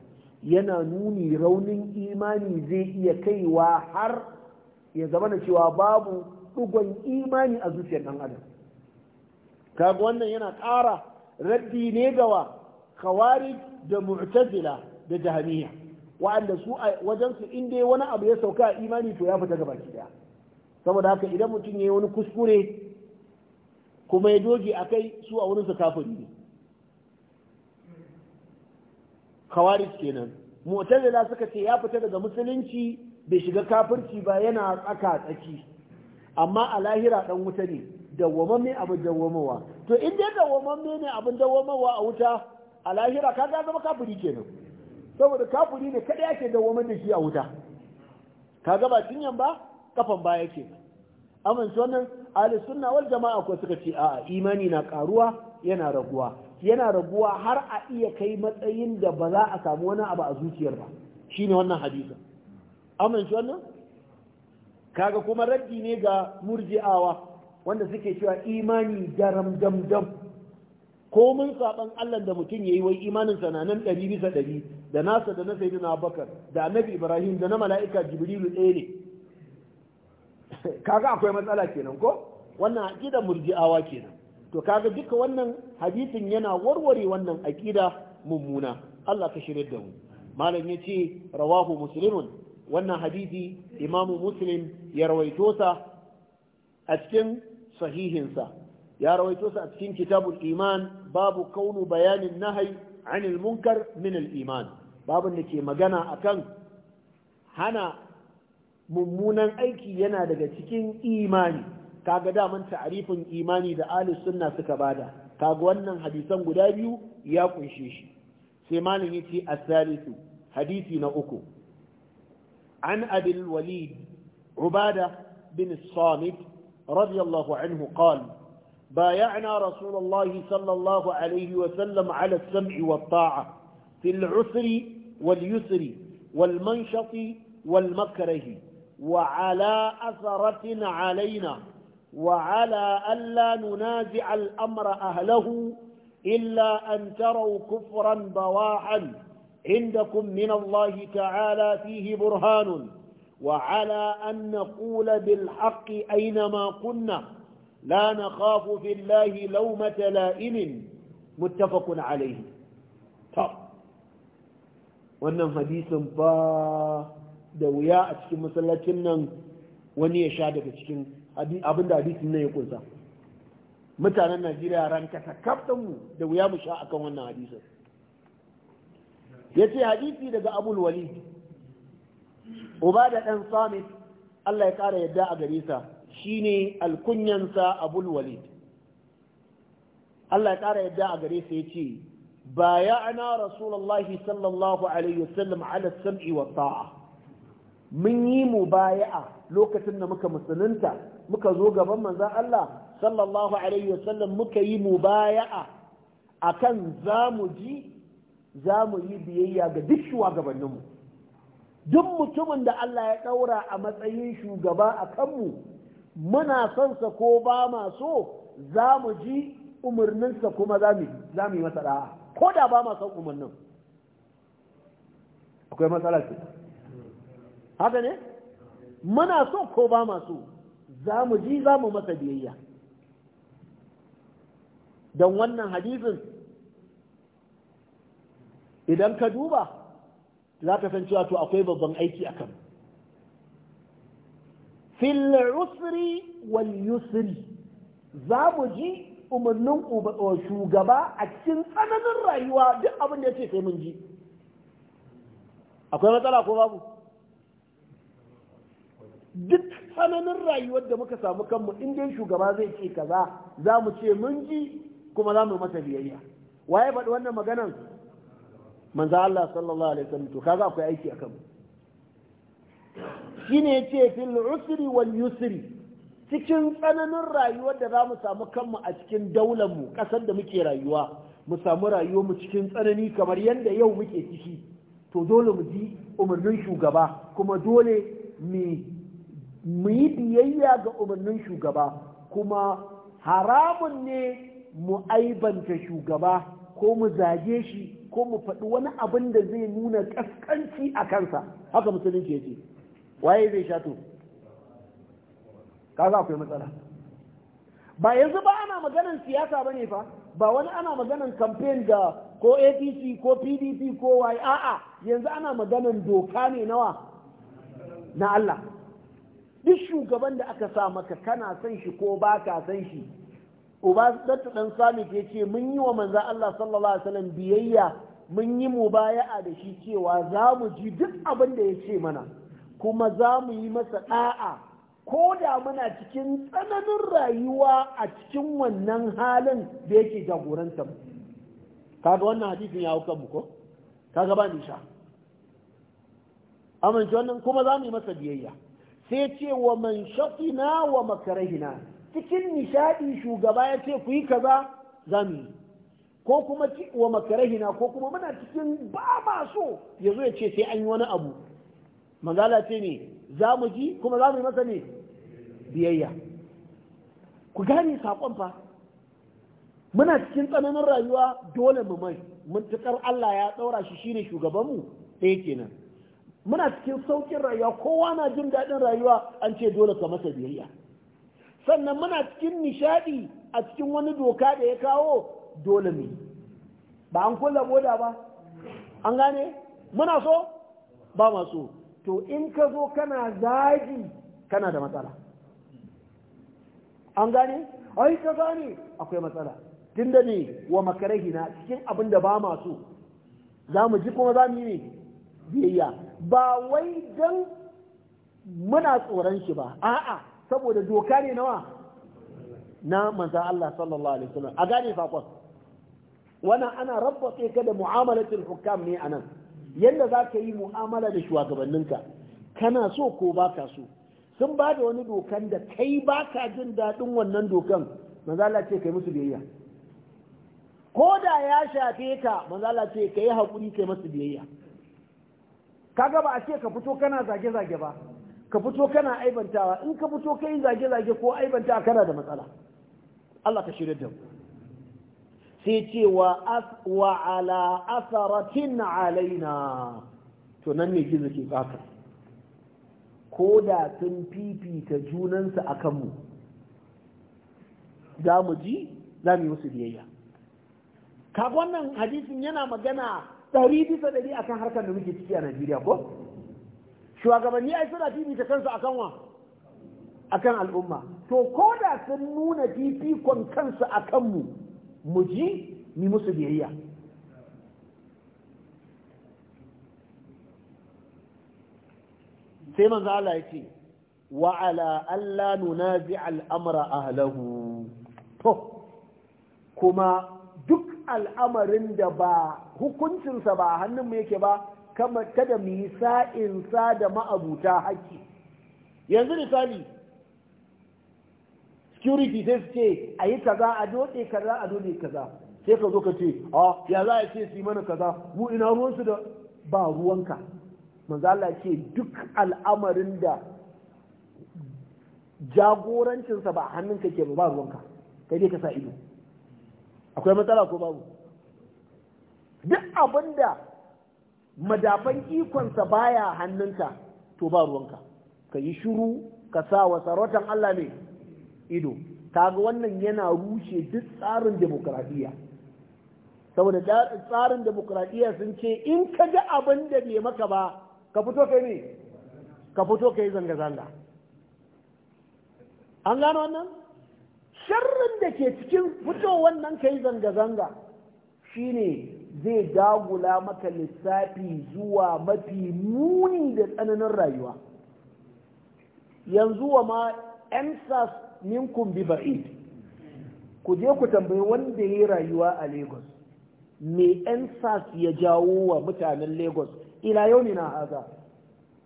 yana nuni raunin imani zai iya kaiwa har ya zama na cewa babu ɗigon imani a zuciyar ɗan adam kaga wannan yana ƙara raddi ne gawa khawarij da mu'tazila da jahamiya wa'anda su a wajen su in dai wani abu ya sauka a imani to ya fita gabaki daya saboda haka idan mutum ya yi wani kuskure kuma ya doge a kai su a wurinsa kafin ne kawarij kenan mu'tazila suka ce ya fita daga musulunci bai shiga kafirci ba yana tsaka tsaki amma a lahira dan wuta ne dawwamamme abin dawwamawa to in dai dawwamamme ne abin dawwamawa a wuta a lahira kaga zama kafiri kenan saboda kafuri ne kada yake dawwamar da shi a wuta ka gaba cinyan ba kafan baya ke amince wannan ahli sunna wal jama'a ko suka ce a'a imani na karuwa yana raguwa yana raguwa har a iya kai matsayin da ba za a samu wani abu a zuciyar ba shine wannan hadisin amince wannan kaga kuma raddi ne ga murji'awa wanda suke cewa imani daram dam dam Ko mun saban Allah da mutum yayi wai imanin sa nan 100 bisa 100 da nasa da na sayyidina Abubakar da Annabi Ibrahim da na mala'ika Jibrilu ɗaya ne kaga akwai matsala kenan ko wannan aqida murji'awa kenan to kaga duka wannan hadisin yana warware wannan aqida mummuna Allah ka shirye da mu malam yace rawahu muslimun wannan hadisi imamu muslim ya rawaito sa a cikin sahihinsa ya rawaito su a cikin kitabul iman babu kaunu bayanin nahai anil munkar min al iman babun da ke magana akan hana mummunan aiki yana daga cikin imani kaga daman ta'arifin imani da ahlus sunna suka bada kaga wannan hadisan guda biyu ya kunshe shi sai malam yace as-salisu hadisi na uku an abil walid ubada bin samit radiyallahu anhu qala بايعنا رسول الله صلى الله عليه وسلم على السمع والطاعة في العسر واليسر والمنشط والمكره وعلى أثرة علينا وعلى ألا ننازع الأمر أهله إلا أن تروا كفرا بواحا عندكم من الله تعالى فيه برهان وعلى أن نقول بالحق أينما كنا لا نخاف في الله لومة لائم متفق عليه طب wannan hadisin ba da wuya a cikin masallacin nan wani ya sha daga cikin abin da hadisin nan ya kunsa mutanen najeriya ranka ta mu da wuya mu sha akan wannan hadisin ya ce hadisi daga abul wali uba da ɗan samit allah ya ƙara yadda a gare sa shine alkunyansa abul walid Allah ya ƙara yadda a gare sa yace bayana rasulallah sallallahu alaihi wasallam ala sam'i wa ta'a mun yi mubaya'a lokacin da muka musulunta muka zo gaban manzon Allah sallallahu alaihi wasallam muka yi mubaya'a akan zamu ji zamu yi biyayya ga duk shugabanninmu duk mutumin da Allah ya daura a matsayin shugaba a kanmu muna son sa ko ba ma so za mu ji umarninsa kuma za mu yi masa da'a ko da ba ma son umarnin akwai matsala ce haka ne muna so ko ba ma so za mu ji za mu masa biyayya don wannan hadisin idan ka duba za ka san cewa to akwai babban aiki a fil usri wal yusri za mu ji umarnin shugaba a cikin tsananin rayuwa duk abin da ya ce sai mun ji akwai matsala ko babu duk tsananin rayuwar da muka samu kanmu in dai shugaba zai ce kaza za mu ce mun ji kuma za mu masa biyayya waye faɗi wannan maganan manzo Allah sallallahu alaihi wasallam to kaza akwai aiki akan mu shine ne fil usri wal yusri cikin tsananin rayuwar da za mu samu kanmu a cikin daular mu kasar da muke rayuwa mu samu rayuwar mu cikin tsanani kamar yadda yau muke ciki to dole mu ji umarnin shugaba kuma dole mu yi biyayya ga umarnin shugaba kuma haramun ne mu aibanta shugaba ko mu zage shi ko mu faɗi wani abin da zai nuna ƙasƙanci a kansa haka musulunci ya ce waye zai sha to akwai matsala ba yanzu ba ana maganan siyasa bane fa ba wani ana maganan campaign da ko APC ko PDP ko waye a'a yanzu ana maganan doka ne nawa na Allah duk shugaban da aka sa maka kana san shi ko ba ka san shi uba dattu dan sami ke ce mun yi wa manzo Allah sallallahu alaihi wasallam biyayya mun yi mubaya'a da shi cewa za mu ji duk abin da ya ce mana kuma za mu yi masa ɗa'a ko da muna cikin tsananin rayuwa a cikin wannan halin da yake jagoranta mu kaga wannan hadisin ya hukar ko kaga ba ni sha amince wannan kuma za mu yi masa biyayya sai ce wa man shafina wa makarahina cikin nishadi shugaba ya ce ku yi kaza za mu yi ko kuma wa makarahina ko kuma muna cikin ba ma so ya zo ya ce sai an yi wani abu manzala ce ne za mu ji kuma za mu yi masa ne biyayya ku gane saƙon fa muna cikin tsananin rayuwa dole mu mai muntukar Allah ya ɗaura shi shine shugabanmu ɗaya kenan muna cikin saukin rayuwa kowa na jin daɗin rayuwa an ce dole ka masa biyayya sannan muna cikin nishaɗi a cikin wani doka da ya kawo dole mu ba an kulla boda ba an gane muna so ba ma so to in ka zo kana zagi kana da matsala an gane ai ka gane akwai matsala tun da ne wa makarahi na cikin abin da ba masu za mu ji kuma za mu yi biyayya ba wai don muna tsoron shi ba a'a saboda doka ne nawa na manzan Allah sallallahu alaihi wasallam a gane fakon wannan ana rabba ka da mu'amalatul hukam ne nan. yadda za ka yi mu'amala da shugabanninka kana so ko ba ka so sun ba da wani dokan da kai ba ka jin daɗin wannan dokan manzala ce kai musu biyayya ko da ya shafe ka manzala ce ka yi haƙuri kai musu biyayya kaga ba a ce ka fito kana zage-zage ba ka fito kana aibantawa in ka fito kai zage-zage ko aibantawa kana da matsala Allah ka shirya da mu sai ce wa ala asaratin alaina to nan ne gizo ke tsaka ko da sun fifita junansu a kanmu za mu ji za mu yi musu biyayya ka wannan hadisin yana magana ɗari bisa ɗari a kan harkar da muke ciki a najeriya ko shugabanni ai suna fifita kansu a kanwa a kan al'umma to ko da sun nuna fifikon kansu a kanmu mu ji ni musu biyayya sai manzo Allah ya ce wa ala alla nunazi al'amra ahlahu to kuma duk al'amarin da ba hukuncinsa ba hannun mu yake ba kama kada mu yi sa'insa da ma'abuta haƙƙi yanzu misali security sai su ce a yi kaza a dode kaza a dode kaza sai ka zo ka ce a ya za a ce su yi mana kaza mu ina ruwansu da ba ruwanka manzo Allah ce duk al'amarin da jagorancinsa ba hannun ka ke ba ruwanka kai dai ka sa ido akwai matsala ko babu duk abin da madafan ikonsa baya hannunka to ba ruwanka ka yi shiru ka sa wa sarautan Allah ne ido kaga wannan yana rushe duk tsarin demokradiya saboda tsarin demokradiya sun ce in ka ga abin da bai maka ba ka fito kai ne ka fito kai zanga-zanga an gano wannan sharrin da ke cikin fito wannan kai zanga-zanga shine zai dagula maka lissafi zuwa mafi muni da tsananin rayuwa yanzu wa ma 'yan minkum bi ba'id ku je ku tambayi wanda ya yi rayuwa a Lagos me yan sas ya jawo wa mutanen Lagos ila yau ne na haza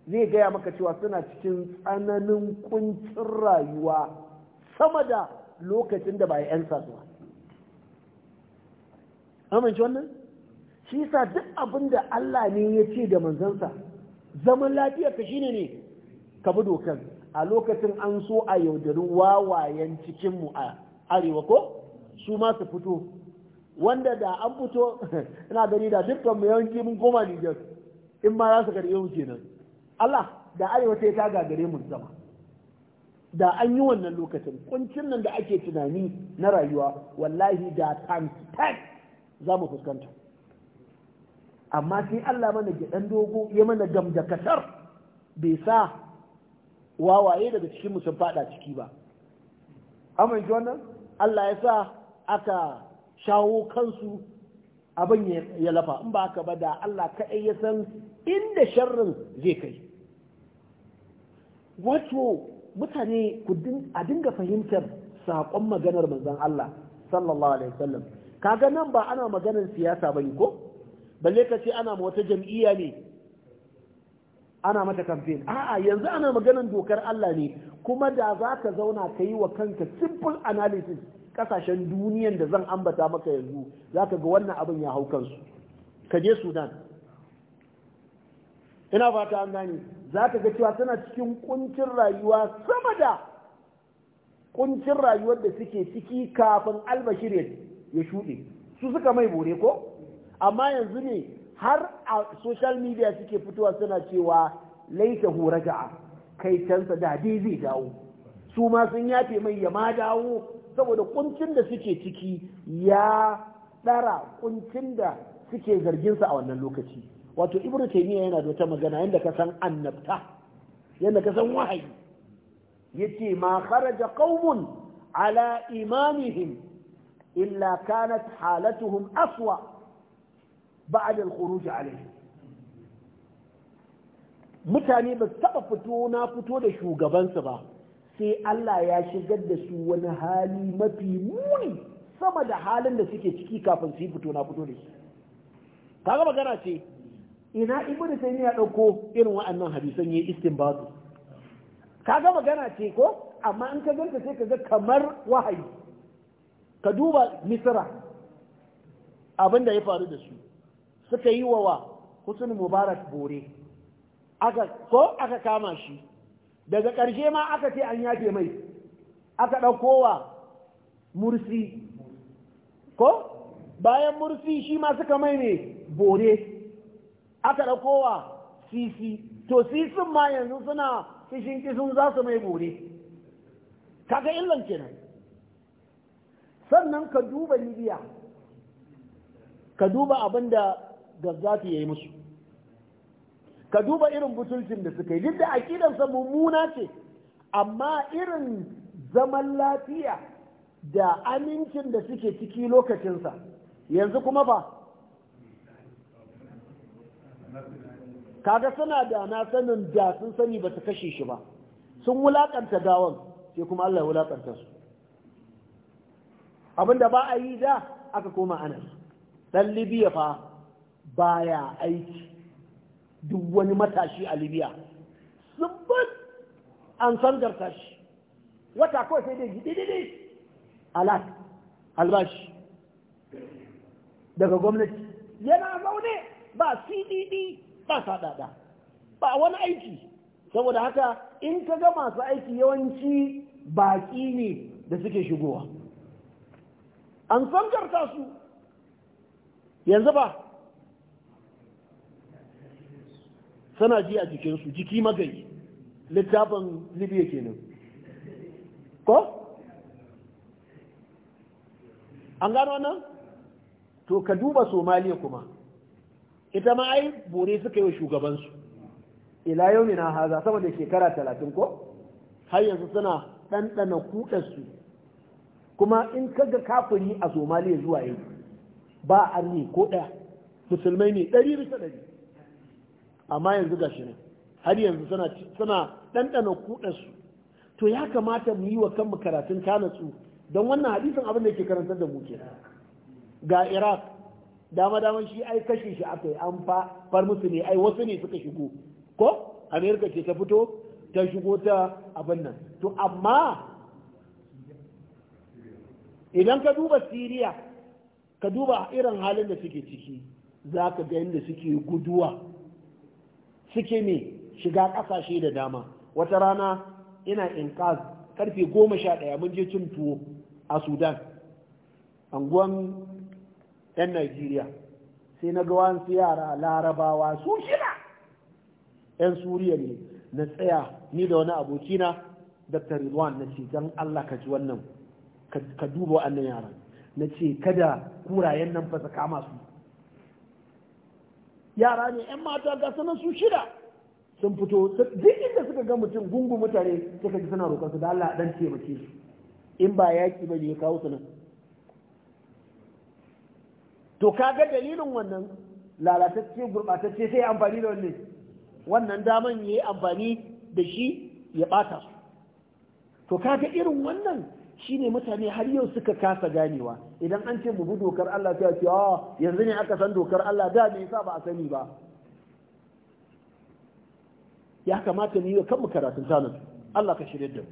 zai gaya maka cewa suna cikin tsananin kuncin rayuwa sama da lokacin da ba yan sas ba amince wannan shi sa duk abin da Allah ne ya ce da manzansa zaman ka shine ne ka bi dokar a lokacin an so a yaudari wawayen cikinmu a arewa ko su ma fito wanda da an fito ina gani da dukkan mu yawanci mun koma Nijar in ma za su karɓe mu kenan Allah da arewa sai ta gagare mu zama da an yi wannan lokacin kuncin nan da ake tunani na rayuwa wallahi da times za mu fuskanta amma sai Allah mana gidan dogo ya mana gamjakatar bai sa wawaye daga cikin mu sun fada ciki ba Amin ji wannan Allah ya sa aka shawo kansu abin ya lafa in ba ka ba da Allah kaɗai ya san inda sharrin zai kai wato mutane a dinga fahimtar saƙon maganar manzon Allah sallallahu alaihi wasallam kaga nan ba ana maganar siyasa ba ko balle ka ce ana wata jam'iyya ne ana mata kamfen a'a yanzu ana maganin dokar Allah ne kuma da za ka zauna ka yi wa kanka simple analysis kasashen duniyan da zan ambata maka yanzu za ka ga wannan abin ya hau kansu ka je sudan ina fata an gane za ka ga cewa tana cikin kuncin rayuwa sama da kuncin rayuwar da suke ciki kafin albashir ya shuɗe su suka mai bore ko amma yanzu ne har a social media suke fitowa suna cewa laita hu raja'a kai cansa da dai zai dawo su ma sun yafe mai ya ma dawo saboda kuncin da suke ciki ya ɗara kuncin da suke zarginsa a wannan lokaci wato ibnu taimiyya yana da wata magana yadda ka san annabta yadda ka san wahayi yace ma kharaja qaumun ala imamihim illa kanat halatuhum aswa ba'da al-khuruj alayhi mutane ba taba fito na fito da shugabansu ba sai Allah ya shigar da su wani hali mafi muni sama da halin da suke ciki kafin su yi fito na fito da shi kaga magana ce ina ibnu taymiya ya dauko irin wa'annan hadisan yayi istinbatu kaga magana ce ko amma in ka ganta sai ga kamar wahayi ka duba misra abin da ya faru da su suka yi wa husn mubarak bore aka ko aka kama shi daga ƙarshe ma aka ce an yafe mai aka ɗauko wa mursi ko bayan mursi shi ma suka mai ne bore aka ɗauko wa sisi to sisin ma yanzu suna kishin kisun za su mai bore kaga illan kenan sannan ka duba libya ka duba abinda da gazzafi ya yi musu ka duba irin butulcin da suka yi duk da aƙidarsa mummuna ce amma irin zaman lafiya da amincin da suke ciki lokacinsa yanzu kuma ba kaga suna da na sanin da sun sani ba su kashe shi ba sun wulakanta gawan sai kuma Allah ya su abinda ba a yi da aka koma anas dan libya fa baya aiki duk wani matashi a libya sabbin an sandarta shi wata kawai sai dai dididi alat albashi daga gwamnati yana zaune ba cdd ba sadada ba wani aiki saboda haka in ka ga masu aiki yawanci baƙi ne da suke shigowa an sandarta su yanzu ba tana ji a jikinsu jiki magani. littafin libya kenan ko an gano nan to ka duba somaliya kuma ita ma ai bore suka yi wa shugabansu ila yau na haza sama da shekara talatin ko har yanzu suna ɗanɗana kuɗarsu kuma in ka ga kafiri a somaliya zuwa yau ba ne ko ɗaya musulmai ne ɗari bisa ɗari amma yanzu ga shi ne har yanzu suna ɗanɗana kuɗansu to ya kamata mu yi wa kanmu karatun kanatsu don wannan hadisin abin da ke karantar da mu ke ga iraq dama dama shi ai kashe shi aka yi an far musu ne ai wasu ne suka shigo ko amerika ce ta fito ta shigo ta abin nan to amma idan ka duba siriya ka duba irin halin da suke ciki za ka ga yadda suke guduwa suke me shiga ƙasashe da dama wata rana ina in inkaz karfe goma sha ɗaya mun je cin tuwo a sudan anguwan 'yan najeriya sai na ga wasu yara larabawa su shida 'yan suriya ne na tsaya ni da wani abokina dr ridwan na ce don allah ka ji wannan ka duba wannan yaran na ce kada kurayen nan fa su kama su yara ne 'yan mata ga sanan su shida sun fito duk inda suka ga mutum gungun mutane suka ji suna roƙon su da Allah dan taimake su in ba yaki ba ne ya kawo su nan to kaga dalilin wannan lalatacce gurɓatacce sai amfani da wannan wannan daman ya yi amfani da shi ya ɓata su to kaga irin wannan Shi ne mutane har yau suka kasa ganewa idan an ce mu bi dokar Allah ta ce ah yanzu ne aka san dokar Allah da me yasa ba a sani ba ya kamata mu yi kanmu karatun sanin Allah ka shirye da mu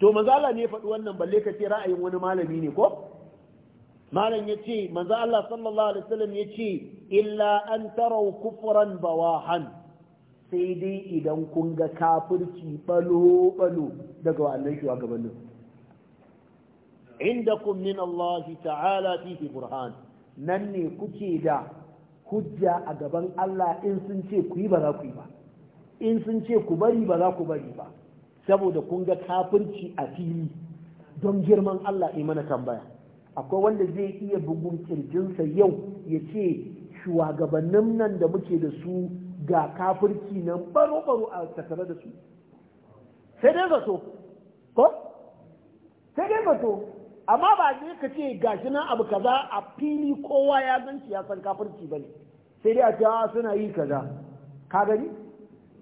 to manzala ne faɗi wannan balle ka ce ra'ayin wani malami ne ko malam yace manzo Allah sallallahu alaihi wasallam yace illa an tarau kufran bawahan sai dai idan kun ga kafirci balo balo daga wannan shugabannin indakum min Allah ta'ala fi Qur'an nan ne kuke da hujja a gaban Allah in sun ce ku yi ba za ku yi ba in sun ce ku bari ba za ku bari ba saboda kun ga kafirci a fili don girman Allah ya mana tambaya akwai wanda zai iya bugun kirjinsa yau ya ce shugabannin nan da muke da su ga kafirci nan baro-baro a tattare da su sai dai zato ko sai dai amma ba ne ka ce gashi nan abu kaza a fili kowa ya gan ya san kafirci bane sai dai a ce ah, suna yi kaza ka gani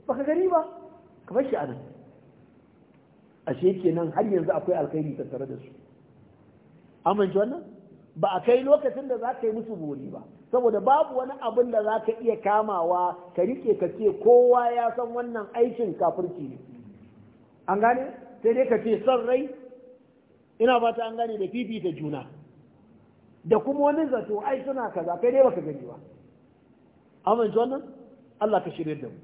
ba ka gani ba ka bar shi nan. ashe nan har yanzu akwai alkhairi tattare da su amince wannan ba a kai lokacin da za ka yi musu buri ba saboda babu wani abin da za ka iya kamawa ka rike ka ce kowa ya san wannan aikin kafirci ne an gane sai dai ka ce son rai ina ba ta an gane da fifita juna da kuma wani zato ai suna kaza kai dai baka gani ba amma ji wannan Allah ka shirye da mu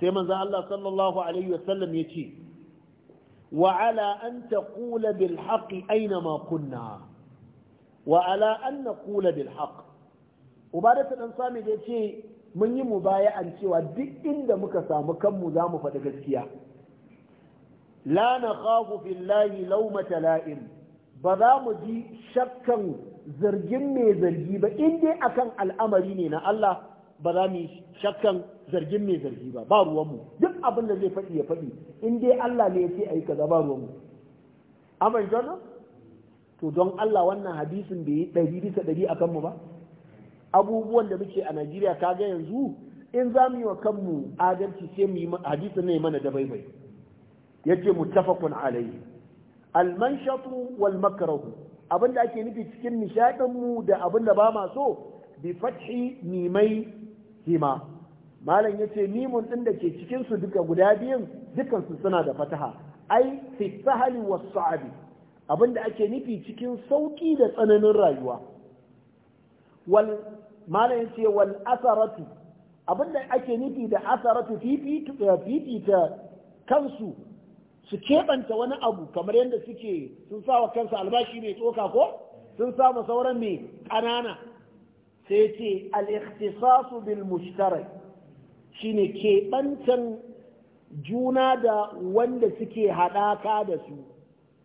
sai manzo Allah sallallahu alaihi wasallam ya ce wa ala an taqula bil aina ma kunna wa ala an naqula bil haqq ubadatu dan sami da yace mun yi mubaya'an cewa duk inda muka samu kanmu za mu faɗi gaskiya la na khafu fillahi laumata la'im ba za mu ji shakkan zargin mai zargi ba in dai akan al'amari ne na Allah ba za mu shakkan zargin mai zargi ba ba ruwanmu duk abin da zai faɗi ya faɗi in dai Allah ne ya ce ayi kaza ba ruwanmu amma jona to don Allah wannan hadisin bai yi ɗari bisa ɗari a kanmu ba abubuwan da muke a Najeriya kaga yanzu in za mu yi wa kanmu adalci sai mu yi hadisin ne mana da baibai yace muttafaqun alayhi almanshatu wal makrahu abinda ake nufi cikin nishadin mu da abinda ba ma so bi fathi mimai hima malam yace mimun din da ke cikin su duka guda biyun dukan su suna da fataha ai fi sahli was sa'bi abinda ake nufi cikin sauki da tsananin rayuwa wal malam yace wal asaratu abinda ake nufi da asaratu fifita kansu su keɓanta wani abu kamar yadda suke sun sa wa kansu albashi mai tsoka ko sun samu sauran mai ƙanana sai ce al-ikhtisasu bil mushtarak shine keɓantan juna da wanda suke haɗaka da su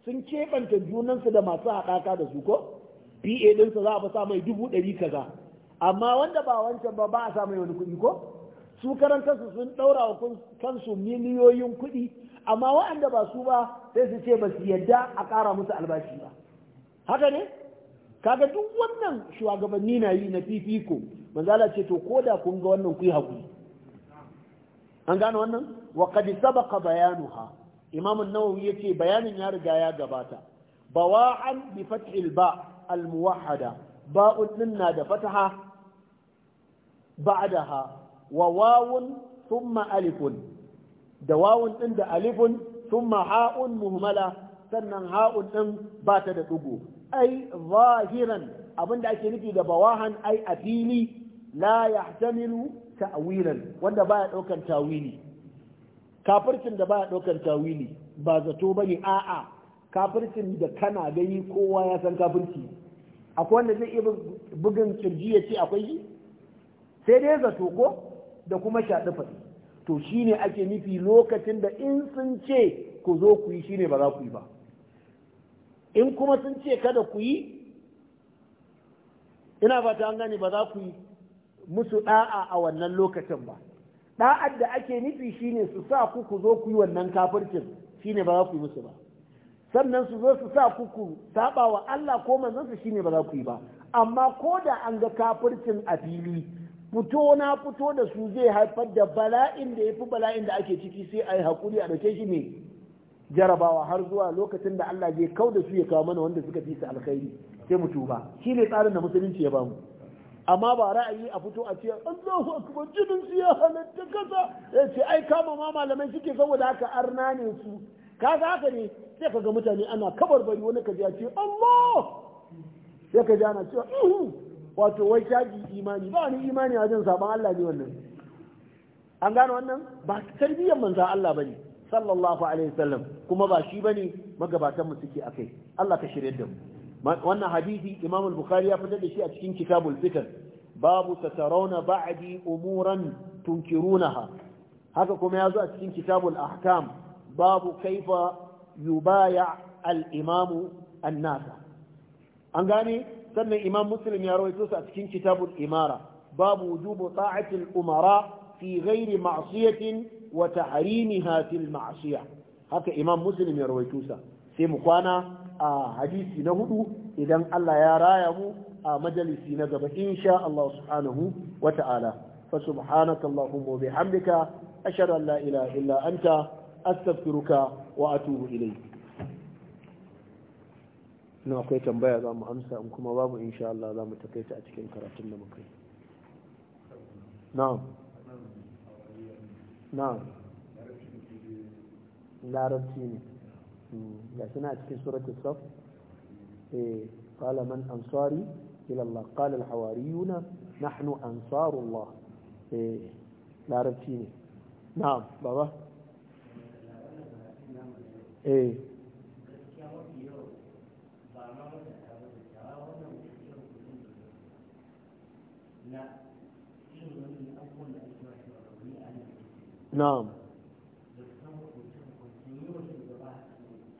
sun keɓanta junansu da masu haɗaka da su ko pa ɗinsa za a fi sa mai dubu ɗari kaza amma wanda ba wancan ba ba a sa wani kuɗi ko su karantarsu sun ɗaura wa kansu miliyoyin kuɗi amma waɗanda ba su ba sai su ce ba su yadda a ƙara musu albashi ba haka ne kaga duk wannan shugabanni na yi na fifiko manzala ce to ko da kun ga wannan ku yi haƙuri an gane wannan wa qad sabaqa bayanuha imam an-nawawi yace bayanin ya riga ya gabata bawa'an bi fathil ba al-muwahhada ba'un na da fataha ba'daha wa wawun thumma alifun da wawun ɗin da alifun thumma ha'un muhmala sannan ha'un ɗin ba ta da ɗugu ai zahiran abinda ake nufi da bawahan ai a fili la yahtamilu ta'wilan wanda baya ɗaukan tawili kafircin da baya ɗaukan tawili ba zato ba ne. a'a kafircin da kana gani kowa ya san kafirci akwai wanda zai iya bugun kirji ya ce akwai shi sai dai zato ko da kuma shaɗi faɗi to shine ake nufi lokacin da in sun ce ku zo ku yi shine ba za ku yi ba in kuma sun ce kada ku yi ina fata an gane ba za ku yi musu da'a a wannan lokacin ba da'ar da ake nufi shine su sa ku ku zo ku yi wannan kafircin shine ba za ku yi musu ba sannan su zo su sa ku ku saba wa Allah ko manzon su shine ba za ku yi ba amma ko da an ga kafircin a fili fito na fito da su zai haifar da bala'in da ya fi bala'in da ake ciki sai a yi haƙuri a dake shi ne. jarabawa har zuwa lokacin da Allah zai kau da su ya kawo mana wanda suka fi su alkhairi sai mu tuba shi ne tsarin da musulunci ya bamu amma ba ra'ayi a fito a ce Allahu akbar jinin su ya halatta kaza ya ce ai kama ma malamai suke saboda haka arna ne su kaga haka ne sai kaga mutane ana kabarbari wani kaji a ce Allah sai ka ana cewa wato wai shaji imani ba wani imani wajen saban Allah ne wannan an gano wannan ba tarbiyyar manzan Allah bane sallallahu alaihi wasallam kuma ba shi bane magabatan mu suke akai Allah ka shirye da mu wannan hadisi Imam bukhari ya fitar da shi a cikin Kitabul Fitan babu satarawna ba'di umuran tunkirunaha haka kuma ya zo a cikin Kitabul Ahkam babu kaifa yubaya al-imamu an-nasa an gane sannan imam muslim ya rawaito su a cikin kitabul imara babu wujubu ta'atil umara fi ghairi ma'siyatin wa tahrimiha fil ma'siya haka imam muslim ya rawaito sa sai mu kwana a hadisi na hudu idan Allah ya raya mu a majalisi na gaba insha Allah subhanahu wa ta'ala fa subhanaka allahumma wa bihamdika ashhadu an la ilaha illa anta astaghfiruka wa atubu ilayk na akwai tambaya za mu amsa in kuma babu insha Allah za mu takaita a cikin karatun da muka yi na'am na'am larabci ne hmm. ga suna a cikin surat saf eh qala man ansari ila Allah qala al hawariyuna nahnu ansarullah eh larabci ne na'am baba eh na'am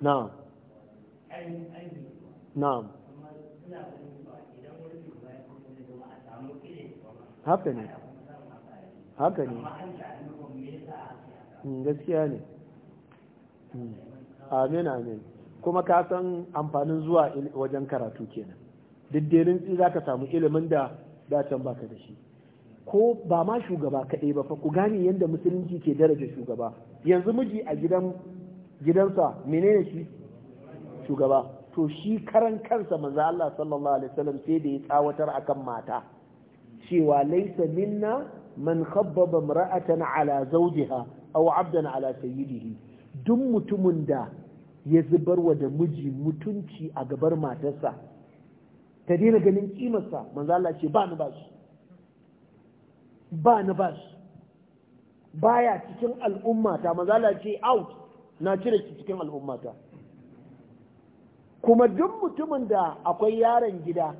na'am na'am haka ne haka ne hmm, gaskiya ne hmm. amin amin kuma ka san amfanin zuwa wajen karatu kenan diddirin tsi za ka samu ilimin da da can baka da shi ko ba ma shugaba kaɗai ba fa ku gane yadda musulunci ke daraja shugaba yanzu miji a gidan gidansa menene shi shugaba to shi karan kansa manzo Allah sallallahu alaihi wasallam sai da ya tsawatar akan mata cewa laysa minna man khabbaba imra'atan ala zawjiha aw 'abdan ala sayyidihi duk mutumin da ya zubar wa da miji mutunci a gabar matarsa Ka daina ganin kimarsa manzo Allah ce ba ni ba shi ba ni ba shi baya cikin al'ummata manzo Allah ce out na cire shi cikin al'ummata kuma duk mutumin da akwai yaron gida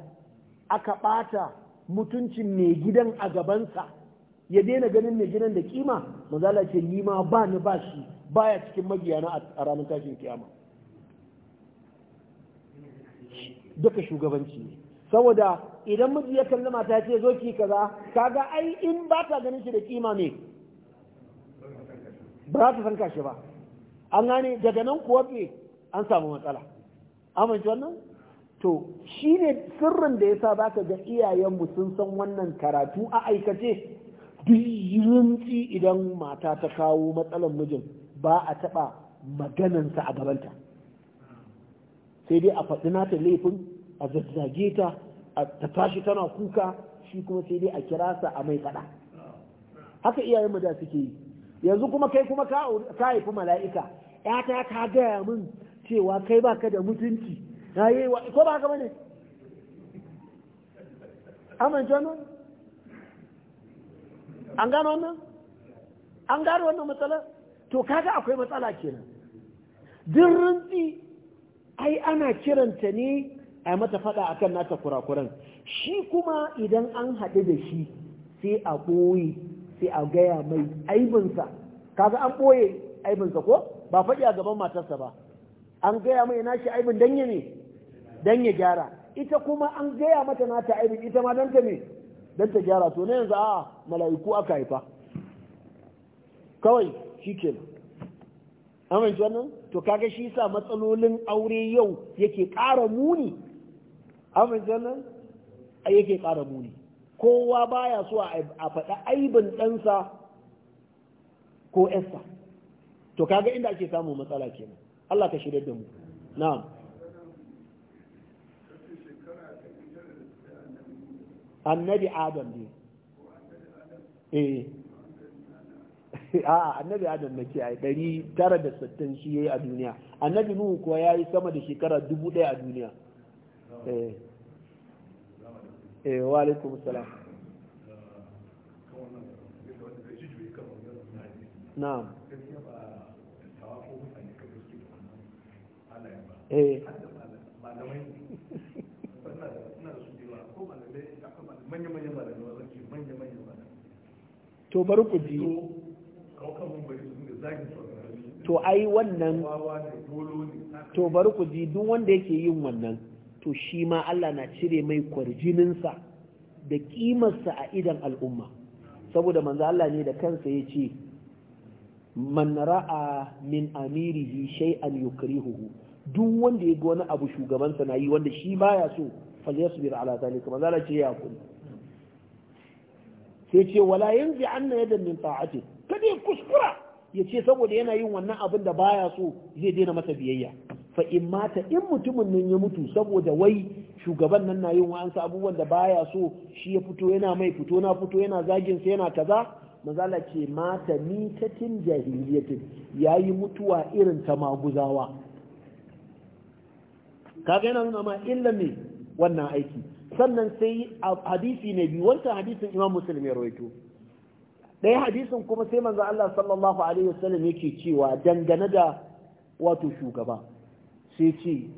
aka bata mutuncin mai gidan a gabansa ya daina ganin mai gidan da kima manzo Allah ce ni ma ba ni ba shi baya cikin magiyana a ranar tashin kiyama duka shugabanci ne saboda idan miji ya kalli mata ce zo ki kaza kaga ai in ba ta ganin shi da kima ne ba za ta san kashi ba an gane daga nan kuwa ke an samu matsala amince wannan to shi ne sirrin da ya sa ba ka ga iyayenmu sun san wannan karatu a aikace duk yunci idan mata ta kawo matsalan mijin ba a taɓa maganansa a gabanta sai dai a faɗi nata laifin a zazzage ta ta tashi tana kuka shi kuma sai dai a kira sa a mai faɗa haka iyayen mu da suke yi yanzu kuma kai kuma ka haifi mala'ika ta ka gaya min cewa kai baka da mutunci na yi wa ko ba ka bane amince wannan an gano wannan an gano wannan matsala to kaga akwai matsala kenan duk rintsi ai ana kiranta ne a mata fada akan nata kurakuran shi kuma idan an haɗu da shi sai a ɓoye sai a gaya mai aibinsa kaga an ɓoye aibinsa ko ba faɗi a gaban matarsa ba an gaya mai shi aibin danye ya ne danye gyara ita kuma an gaya mata nata aibin ita ma dan ta dan ta gyara to ne yanzu a mala'iku aka haifa kawai shikenan amince wannan to kaga shi sa matsalolin aure yau yake ƙara muni amin nan yake ƙara muni kowa baya so a faɗa aibin ɗansa ko ƴansa to kaga inda ake samu matsala kenan Allah ka shirya da mu na'am annabi adam ne eh a'a annabi adam nake ai ɗari tara da sittin shi yayi a duniya annabi nuhu kuwa ya yi sama da shekara dubu ɗaya a duniya eh eh wa alaikum salam na'am eh to bari ku ji to ai wannan to bari ku ji duk wanda yake yin wannan to shi ma Allah na cire mai kwarjininsa da kimarsa a idan al'umma saboda manzo Allah ne da kansa ya ce man ra'a min amirihi shay'an yukrihuhu duk wanda ya ga wani abu shugabansa na yi wanda shi baya so falyasbir ala zalika manzo Allah ce ya kula sai ce wala yanzi anna yadan min ta'ati kada ya kuskura ya ce saboda yana yin wannan abin da baya so zai daina masa biyayya fa in mata in mutumin nan ya mutu saboda wai shugaban nan na yin wa'ansu abubuwan da baya so shi ya fito yana mai fito na fito yana zagin sa yana kaza mazala ce mata ni ta tin jahiliyatin yayi mutuwa irin ta maguzawa kaga yana nuna ma illa ne wannan aiki sannan sai hadisi ne biyu wancan hadisin imam muslim ya rawaito ɗaya hadisin kuma sai manzo Allah sallallahu alaihi wasallam yake cewa dangane da wato shugaba sai ce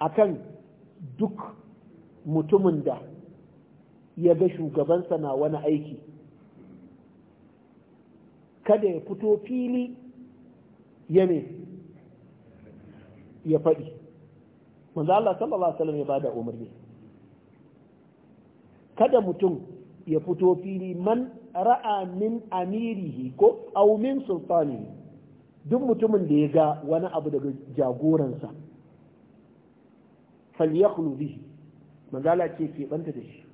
akan duk mutumin da ya ga shugabansa na wani aiki kada ya fito fili ya ne ya faɗi manzo Allah sallallahu alaihi wasallam ya bada umarni kada mutum ya fito fili man ra'a min amirihi ko aw min sultani duk mutumin da ya ga wani abu daga jagoransa falyakhlu bihi magala ce ke banta da shi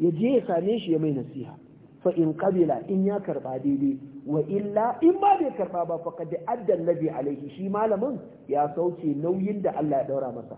ya je ya same shi ya mai nasiha fa in qabila in ya karba daidai wa illa in ba bai karba ba fa faqad adda nabi alaihi shi malamin ya sauke nauyin da Allah ya daura masa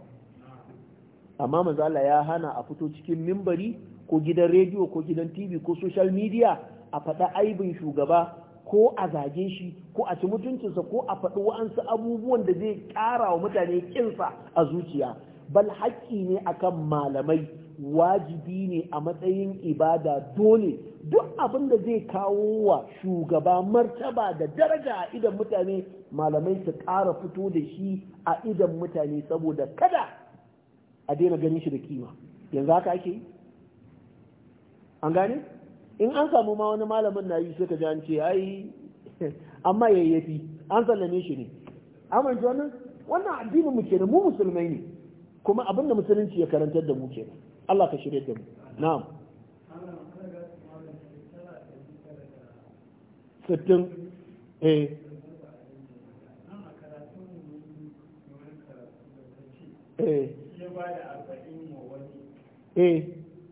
amma manzo ya hana a fito cikin mimbari ko gidan rediyo ko gidan TV ko social media a faɗa aibin shugaba ko a zage shi ko a ci mutuncinsa ko a faɗi wa'ansu abubuwan da zai ƙara wa mutane kinsa a zuciya bal haƙƙi ne akan malamai wajibi ne a matsayin ibada dole duk abin da zai kawo wa shugaba martaba da daraja a idan mutane malamai su ƙara fito da shi a idan mutane saboda kada a daina ganin shi da kima yanzu haka ake yi an gane in an samu ma wani malamin na yi sai ka ji an ce ai amma yayyafi an sallame shi ne amince wannan wannan addinin mu kenan mu musulmai ne kuma abin da musulunci ya karantar da mu kenan Allah ka shirye da mu na'am sittin eh eh eh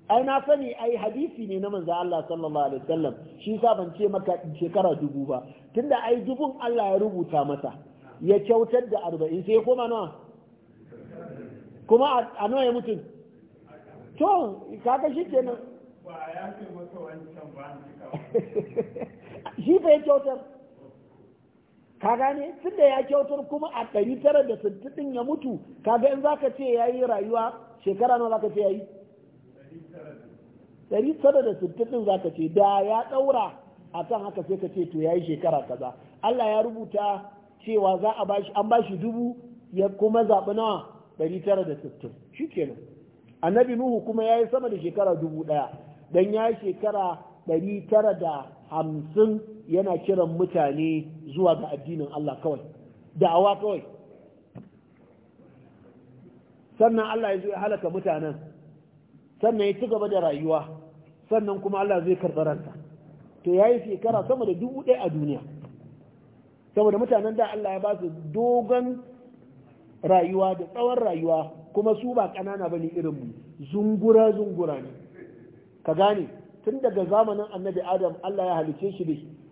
ai na sani ai hadisi ne na manzo Allah sallallahu alaihi wasallam shi sa ban ce maka shekara dubu ba tunda ai dubun Allah ya rubuta masa ya kyautar da arba'in sai koma nawa kuma a nawa ya mutu to kaga shi kenan ba ya ce masa wancan ba shi fa ya kyautar ka gane da ya kyautar kuma a ɗari tara da sittin ya mutu kaga in zaka ce ya yi rayuwa shekara nawa zaka ce ya yi ɗari tara da sittin zaka ce da ya ɗaura a kan haka sai ka ce to ya yi shekara kaza Allah ya rubuta cewa za a bashi an bashi dubu ya kuma zaɓi nawa ɗari tara da sittin shi nan annabi nuhu kuma ya yi sama da shekara dubu ɗaya don ya yi shekara ɗari tara da hamsin yana kiran mutane zuwa ga addinin Allah kawai da'awa kawai sannan Allah ya zo ya halaka mutanen sannan ya ci gaba da rayuwa sannan kuma Allah zai karɓi ranta to yayi shekara sama da dubu ɗaya a duniya saboda mutanen da Allah ya ba su dogon rayuwa da tsawon rayuwa kuma su ba ƙanana bane irin mu zungura zungura ne ka gane tun daga zamanin annabi adam Allah ya halice shi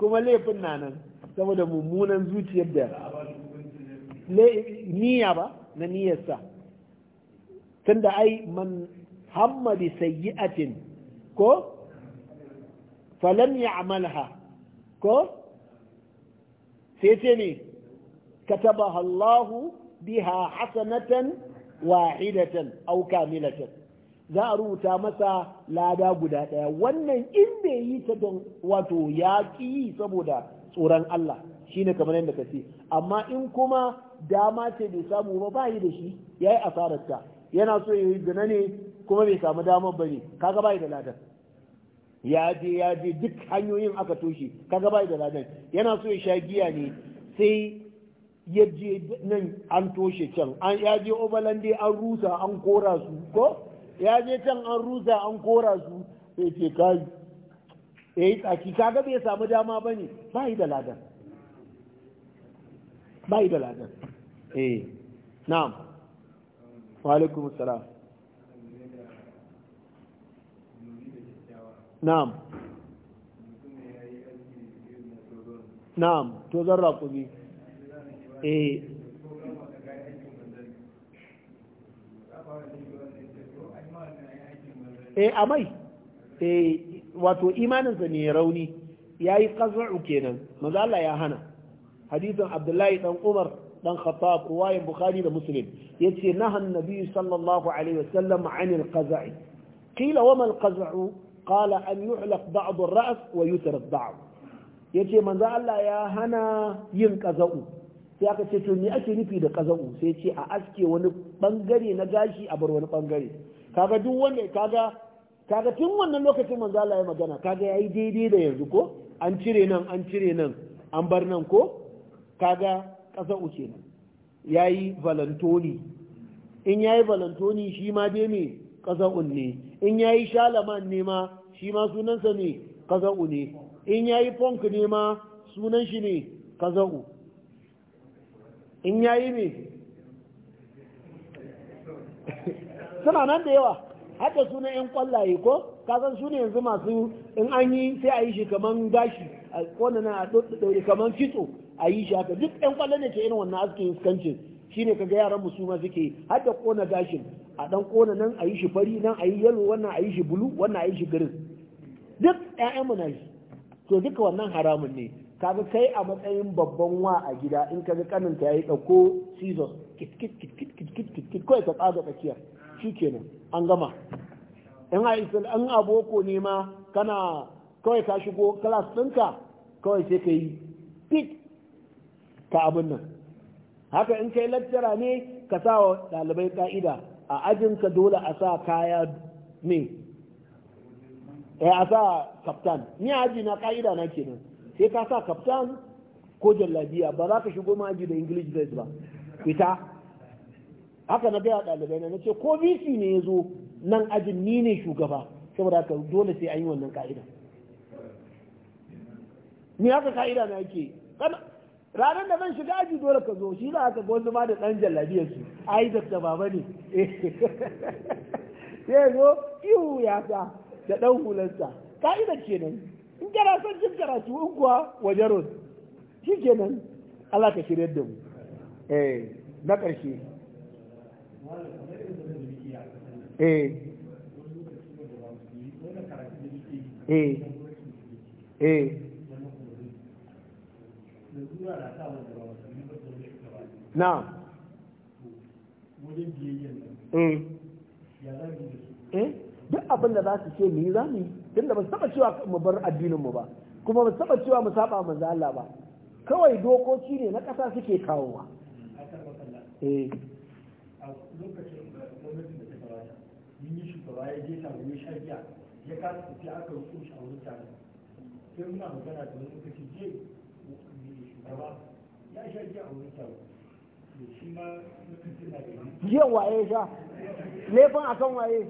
kuma laifin na nan saboda mummunan zuciyar da niyya ba na niyyarsa tunda ai man hamma bi sayyi'atin ko falam ya'malha ko sai ne katabaha Allahu biha hasanatan wahidatan aw kamilatan za a rubuta masa lada guda ɗaya wannan in bai yi ta don wato ya ƙi saboda tsoron Allah shine kamar yadda ka ce amma in kuma dama ce bai samu ba ba yi da shi ya yi asararta yana so ya yi zina ne kuma bai samu damar ba ne kaga ba yi da ladan ya je ya je duk hanyoyin aka toshe kaga ba yi da ladan yana so ya sha giya ne sai ya je nan an toshe can an ya je obalande an rusa an kora su ko ya je can an rusa an kora su sai ce kai ya eh, yi tsaki kaga bai samu dama ba ne ba yi da ladan ba yi da ladan eh na'am wa alaikum salam na'am na'am to zarra kuzi eh eh amai eh wato imaninsa ne rauni yayi qaz'u kenan maza Allah ya hana hadisin Abdullahi dan Umar dan Khattab ruwayan Bukhari da Muslim yace nahan nabi sallallahu alaihi wasallam anil qaz'i qila wama al qala an yu'laq ba'd ar ra's wa yutrak ba'd yace manzo Allah ya hana yin qaz'u sai aka ce to me ake nufi da qaz'u sai ce a aske wani bangare na gashi a bar wani bangare kaga duk wanda kaga kaga tun wannan lokacin manzo Allah ya magana kaga yayi daidai da yanzu ko an cire nan an cire nan an bar nan ko kaga kasa uke nan yayi valantoni in yayi valantoni shi ma dai me kasa ne in yayi shalaman ne ma shi ma sunansa ne kasa ne in yayi ponk ne ma sunan shi ne u in yayi me suna nan da yawa hada suna yan kwallaye ko kasan su yanzu masu in an yi sai a yi shi kaman gashi a kona na kaman kitso a yi shi haka duk yan kwallaye ke irin wannan askin shi shine kaga yaran musu ma suke haka kona gashin a dan kona nan a yi shi fari nan a yi yalo wannan a yi shi bulu wannan a yi shi girin duk ƴaƴan mu na yi to duka wannan haramun ne kaga kai a matsayin babban wa a gida in kaga kanin ka yayi dauko scissors kit kit kit kit kit kit kit kawai ka kit tsakiyar shi kenan an gama in a in aboko ne ma kana kawai ka shigo class ɗinka kawai sai ka yi pik ka abin nan haka in kai lecturer ne ka sa wa ɗalibai ka'ida a ajinka dole a sa kaya ne eh, a sa kaftan ni aji na ka'ida na kenan sai ka sa kaftan ko jallabiya ba za ka shigo ma aji da english dress ba fita haka na gaya ɗalibai na ce ko bisi ne ya zo nan ajin ni ne shugaba saboda haka dole sai an yi wannan ka'ida ni haka ka'ida na yake ranar da zan shiga aji dole ka zo shi za haka wani ma da ɗan jallabiyar su ai da baba ne sai zo ihu ya sa da ɗan hulansa ka'ida kenan in kana son jin karatu in kuwa waje rod shi kenan Allah ka shirya da mu eh na ƙarshe eh eh eh na eh. eh duk abin da za su ce mu yi za mu yi tun da ba su taɓa cewa mu bar addininmu ba kuma ba su taɓa cewa mu saba manzo Allah ba kawai dokoki ne na ƙasa suke kawowa eh a lokacin gwamnatin da ta gabata mun yi shugaba ya je taro ya sha giya ya kasa tafiya aka rufe shi a wurin tare sai muna magana da wani lokaci je shugaba ya sha giya a wurin da shi taro Jiya waye sha laifin akan waye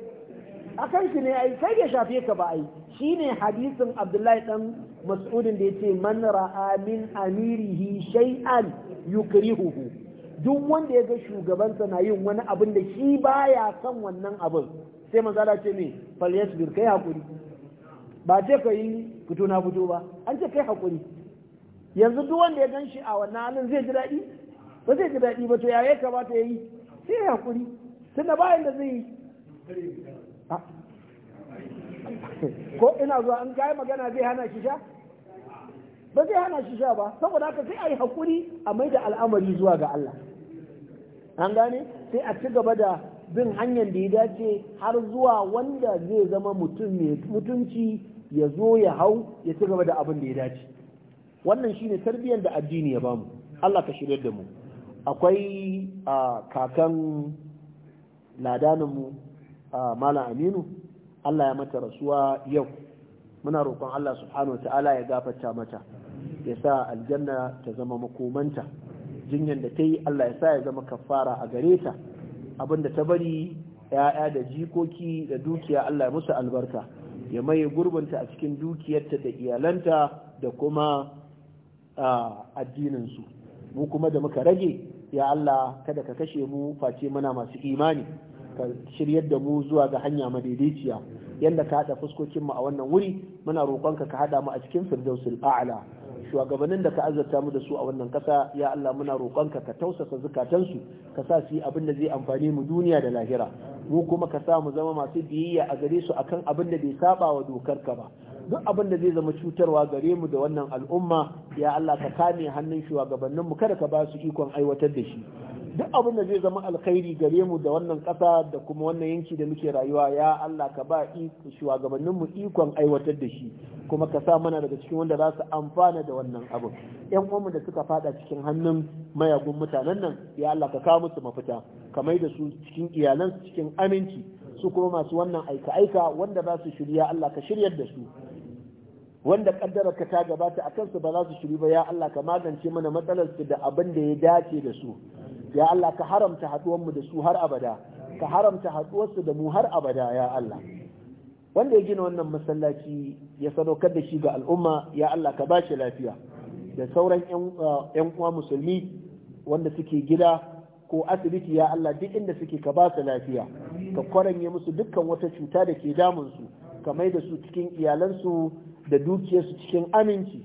akan shi ne ai kai ya shafe ka ba ai ne hadisin abdullahi dan mas'udin da ya ce, man ra'a min amirihi shay'an yukrihuhu duk wanda ya ga shugabansa na yin wani abin da shi baya son wannan abin sai manzala ce me bir kai hakuri ba ce ka yi fito na fito ba an ce kai hakuri yanzu duk wanda ya gan shi a wannan halin zai ji daɗi ba zai ji daɗi ba to ya yi kamata ya yi sai ya hakuri da bayan da zai yi ah. ko ina zuwa an kayi magana zai hana shi sha ba zai hana shi sha ba saboda haka sai a yi hakuri a mai da al'amari zuwa ga Allah an gane sai a ci gaba da bin hanyar da ya dace har zuwa wanda zai zama mutum mai mutunci ya zo ya hau ya ci gaba da abin da ya dace wannan shine tarbiyyar da addini ya bamu Allah ka shirya da mu akwai kakan ladaninmu malam aminu Allah ya mata rasuwa yau muna roƙon Allah subhanahu wa ta'ala ya gafarta mata ya sa aljanna ta zama makomanta jinyar da ta yi Allah ya sa ya zama kafara a gare ta abin da ta bari ya'ya da jikoki da dukiya Allah ya musu albarka ya maye gurbinta a cikin dukiyarta da iyalanta da kuma addininsu mu kuma da muka rage ya Allah kada ka kashe mu face muna masu imani ka shiryar da mu zuwa ga hanya madaidaiciya yadda ka haɗa fuskokinmu a wannan wuri muna roƙonka ka haɗa mu a cikin firdausul a'la shugabannin da ka azurta mu da su a wannan kasa ya Allah muna roƙonka ka tausasa zukatansu ka sa su yi abin da zai amfani mu duniya da lahira mu kuma ka sa mu zama masu biyayya a gare su akan abin da bai saba wa dokar ka ba duk abin da zai zama cutarwa gare mu da wannan al'umma ya Allah ka kame hannun shugabannin mu kada ka ba su ikon aiwatar da shi duk abin da zai zama alkhairi gare mu da wannan ƙasa da kuma wannan yanki da muke rayuwa ya Allah ka ba shugabannin mu ikon aiwatar da shi kuma ka sa mana daga cikin wanda za su amfana da wannan abin yan uwanmu da suka fada cikin hannun mayagun mutanen nan ya Allah ka kawo musu mafita kamar da su cikin iyalansu cikin aminci su kuma masu wannan aika-aika wanda za su shirya Allah ka shiryar da su wanda kaddara ka ta gabata a kansu ba za su shiri ba ya Allah ka magance mana matsalar su da abin da ya dace da su ya Allah ka haramta mu da su har abada ka haramta haduwarsu da mu har abada ya Allah wanda ya gina wannan masallaci ya sadaukar da shi ga al'umma ya Allah ka bashi lafiya da sauran yan uh, uwa musulmi wanda suke gida ko asibiti ya Allah duk inda suke ka ba su lafiya ka kwaranye musu dukkan wata cuta da ke damun su ka mai da su cikin iyalansu da dukiyarsu cikin aminci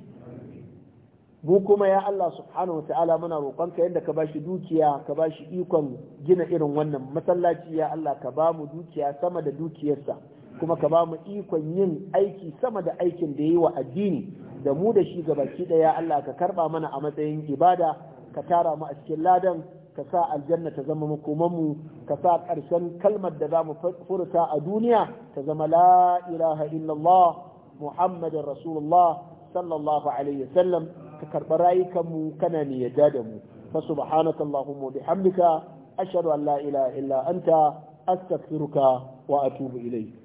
mu kuma ya Allah subhanahu wataala muna roƙonka yadda ka bashi dukiya ka bashi ikon gina irin wannan masallaci ya Allah ka ba mu dukiya sama da dukiyarsa kuma ka ba mu ikon yin aiki sama da aikin da yi wa addini da mu da shi gabaki ya Allah ka karba mana a matsayin ibada ka tara mu a cikin ladan ka sa aljanna ta zama makomanmu ka sa ƙarshen kalmar da za mu furta a duniya ta zama la ilaha illallah muhammadin rasulullah sallallahu alaihi wasallam ka karɓi rayukanmu kana ne yadda da mu fa subhanaka allahumma bihamdika ashhadu an la ilaha illa anta astaghfiruka wa atubu ilayk